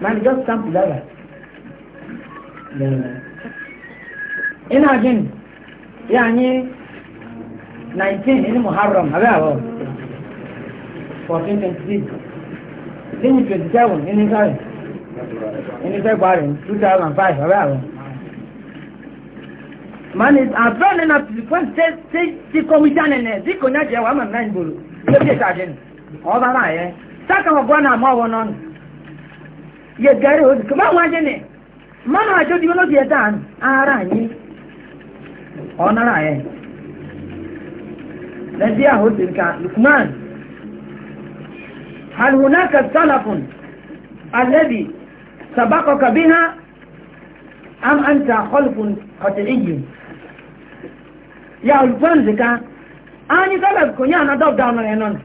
man just come together ina jin ya ni 19 ini muharram abe awo 1423 lẹ́yìn 27 ini sáré ini february 2005 abe awo man is abẹ́ nínú àtìlẹ́kùn tí tí kọ́míṣá nìyẹn tí kò ní àjẹwà mọ̀ náà ń gbòòrò lókè sáré ọba máa yẹ sákàwọ̀ bọ́ náà mọ́ ọwọ́ náà ya gari hozi kuma waje ne mana ajo di wani ya dan ara yi onara ye na dia hozi ka lukman hal hunaka salafun alladhi sabaqaka biha am anta khalqun qat'iy ya ulfan zika ani salaf kunya na dab da mana non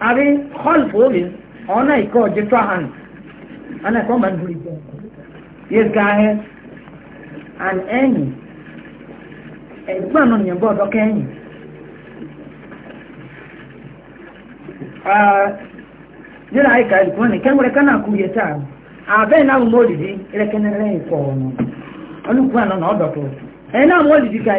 abi khalfu bin ọ̀nà ìkọ́ ọ̀jẹ́ tó àhàn ọ̀nà ìkọ́ màá dùn ìjọ yé ga ẹ àn ẹ̀yìn ẹ̀gbọ́n náà yẹn bọ́ ọ̀dọ́ kẹ́yìn yóò láyé ka ìkọ́ ni kẹ́ńgbẹ́rẹ́ kánà kú yẹ tá na náà mú òdìdí ẹ̀rẹ́kẹ́ náà lẹ́yìn kọ̀ ọ̀nà ọ̀nùkú àná ọ̀dọ̀ tó ẹ̀ na mú òdìdí ka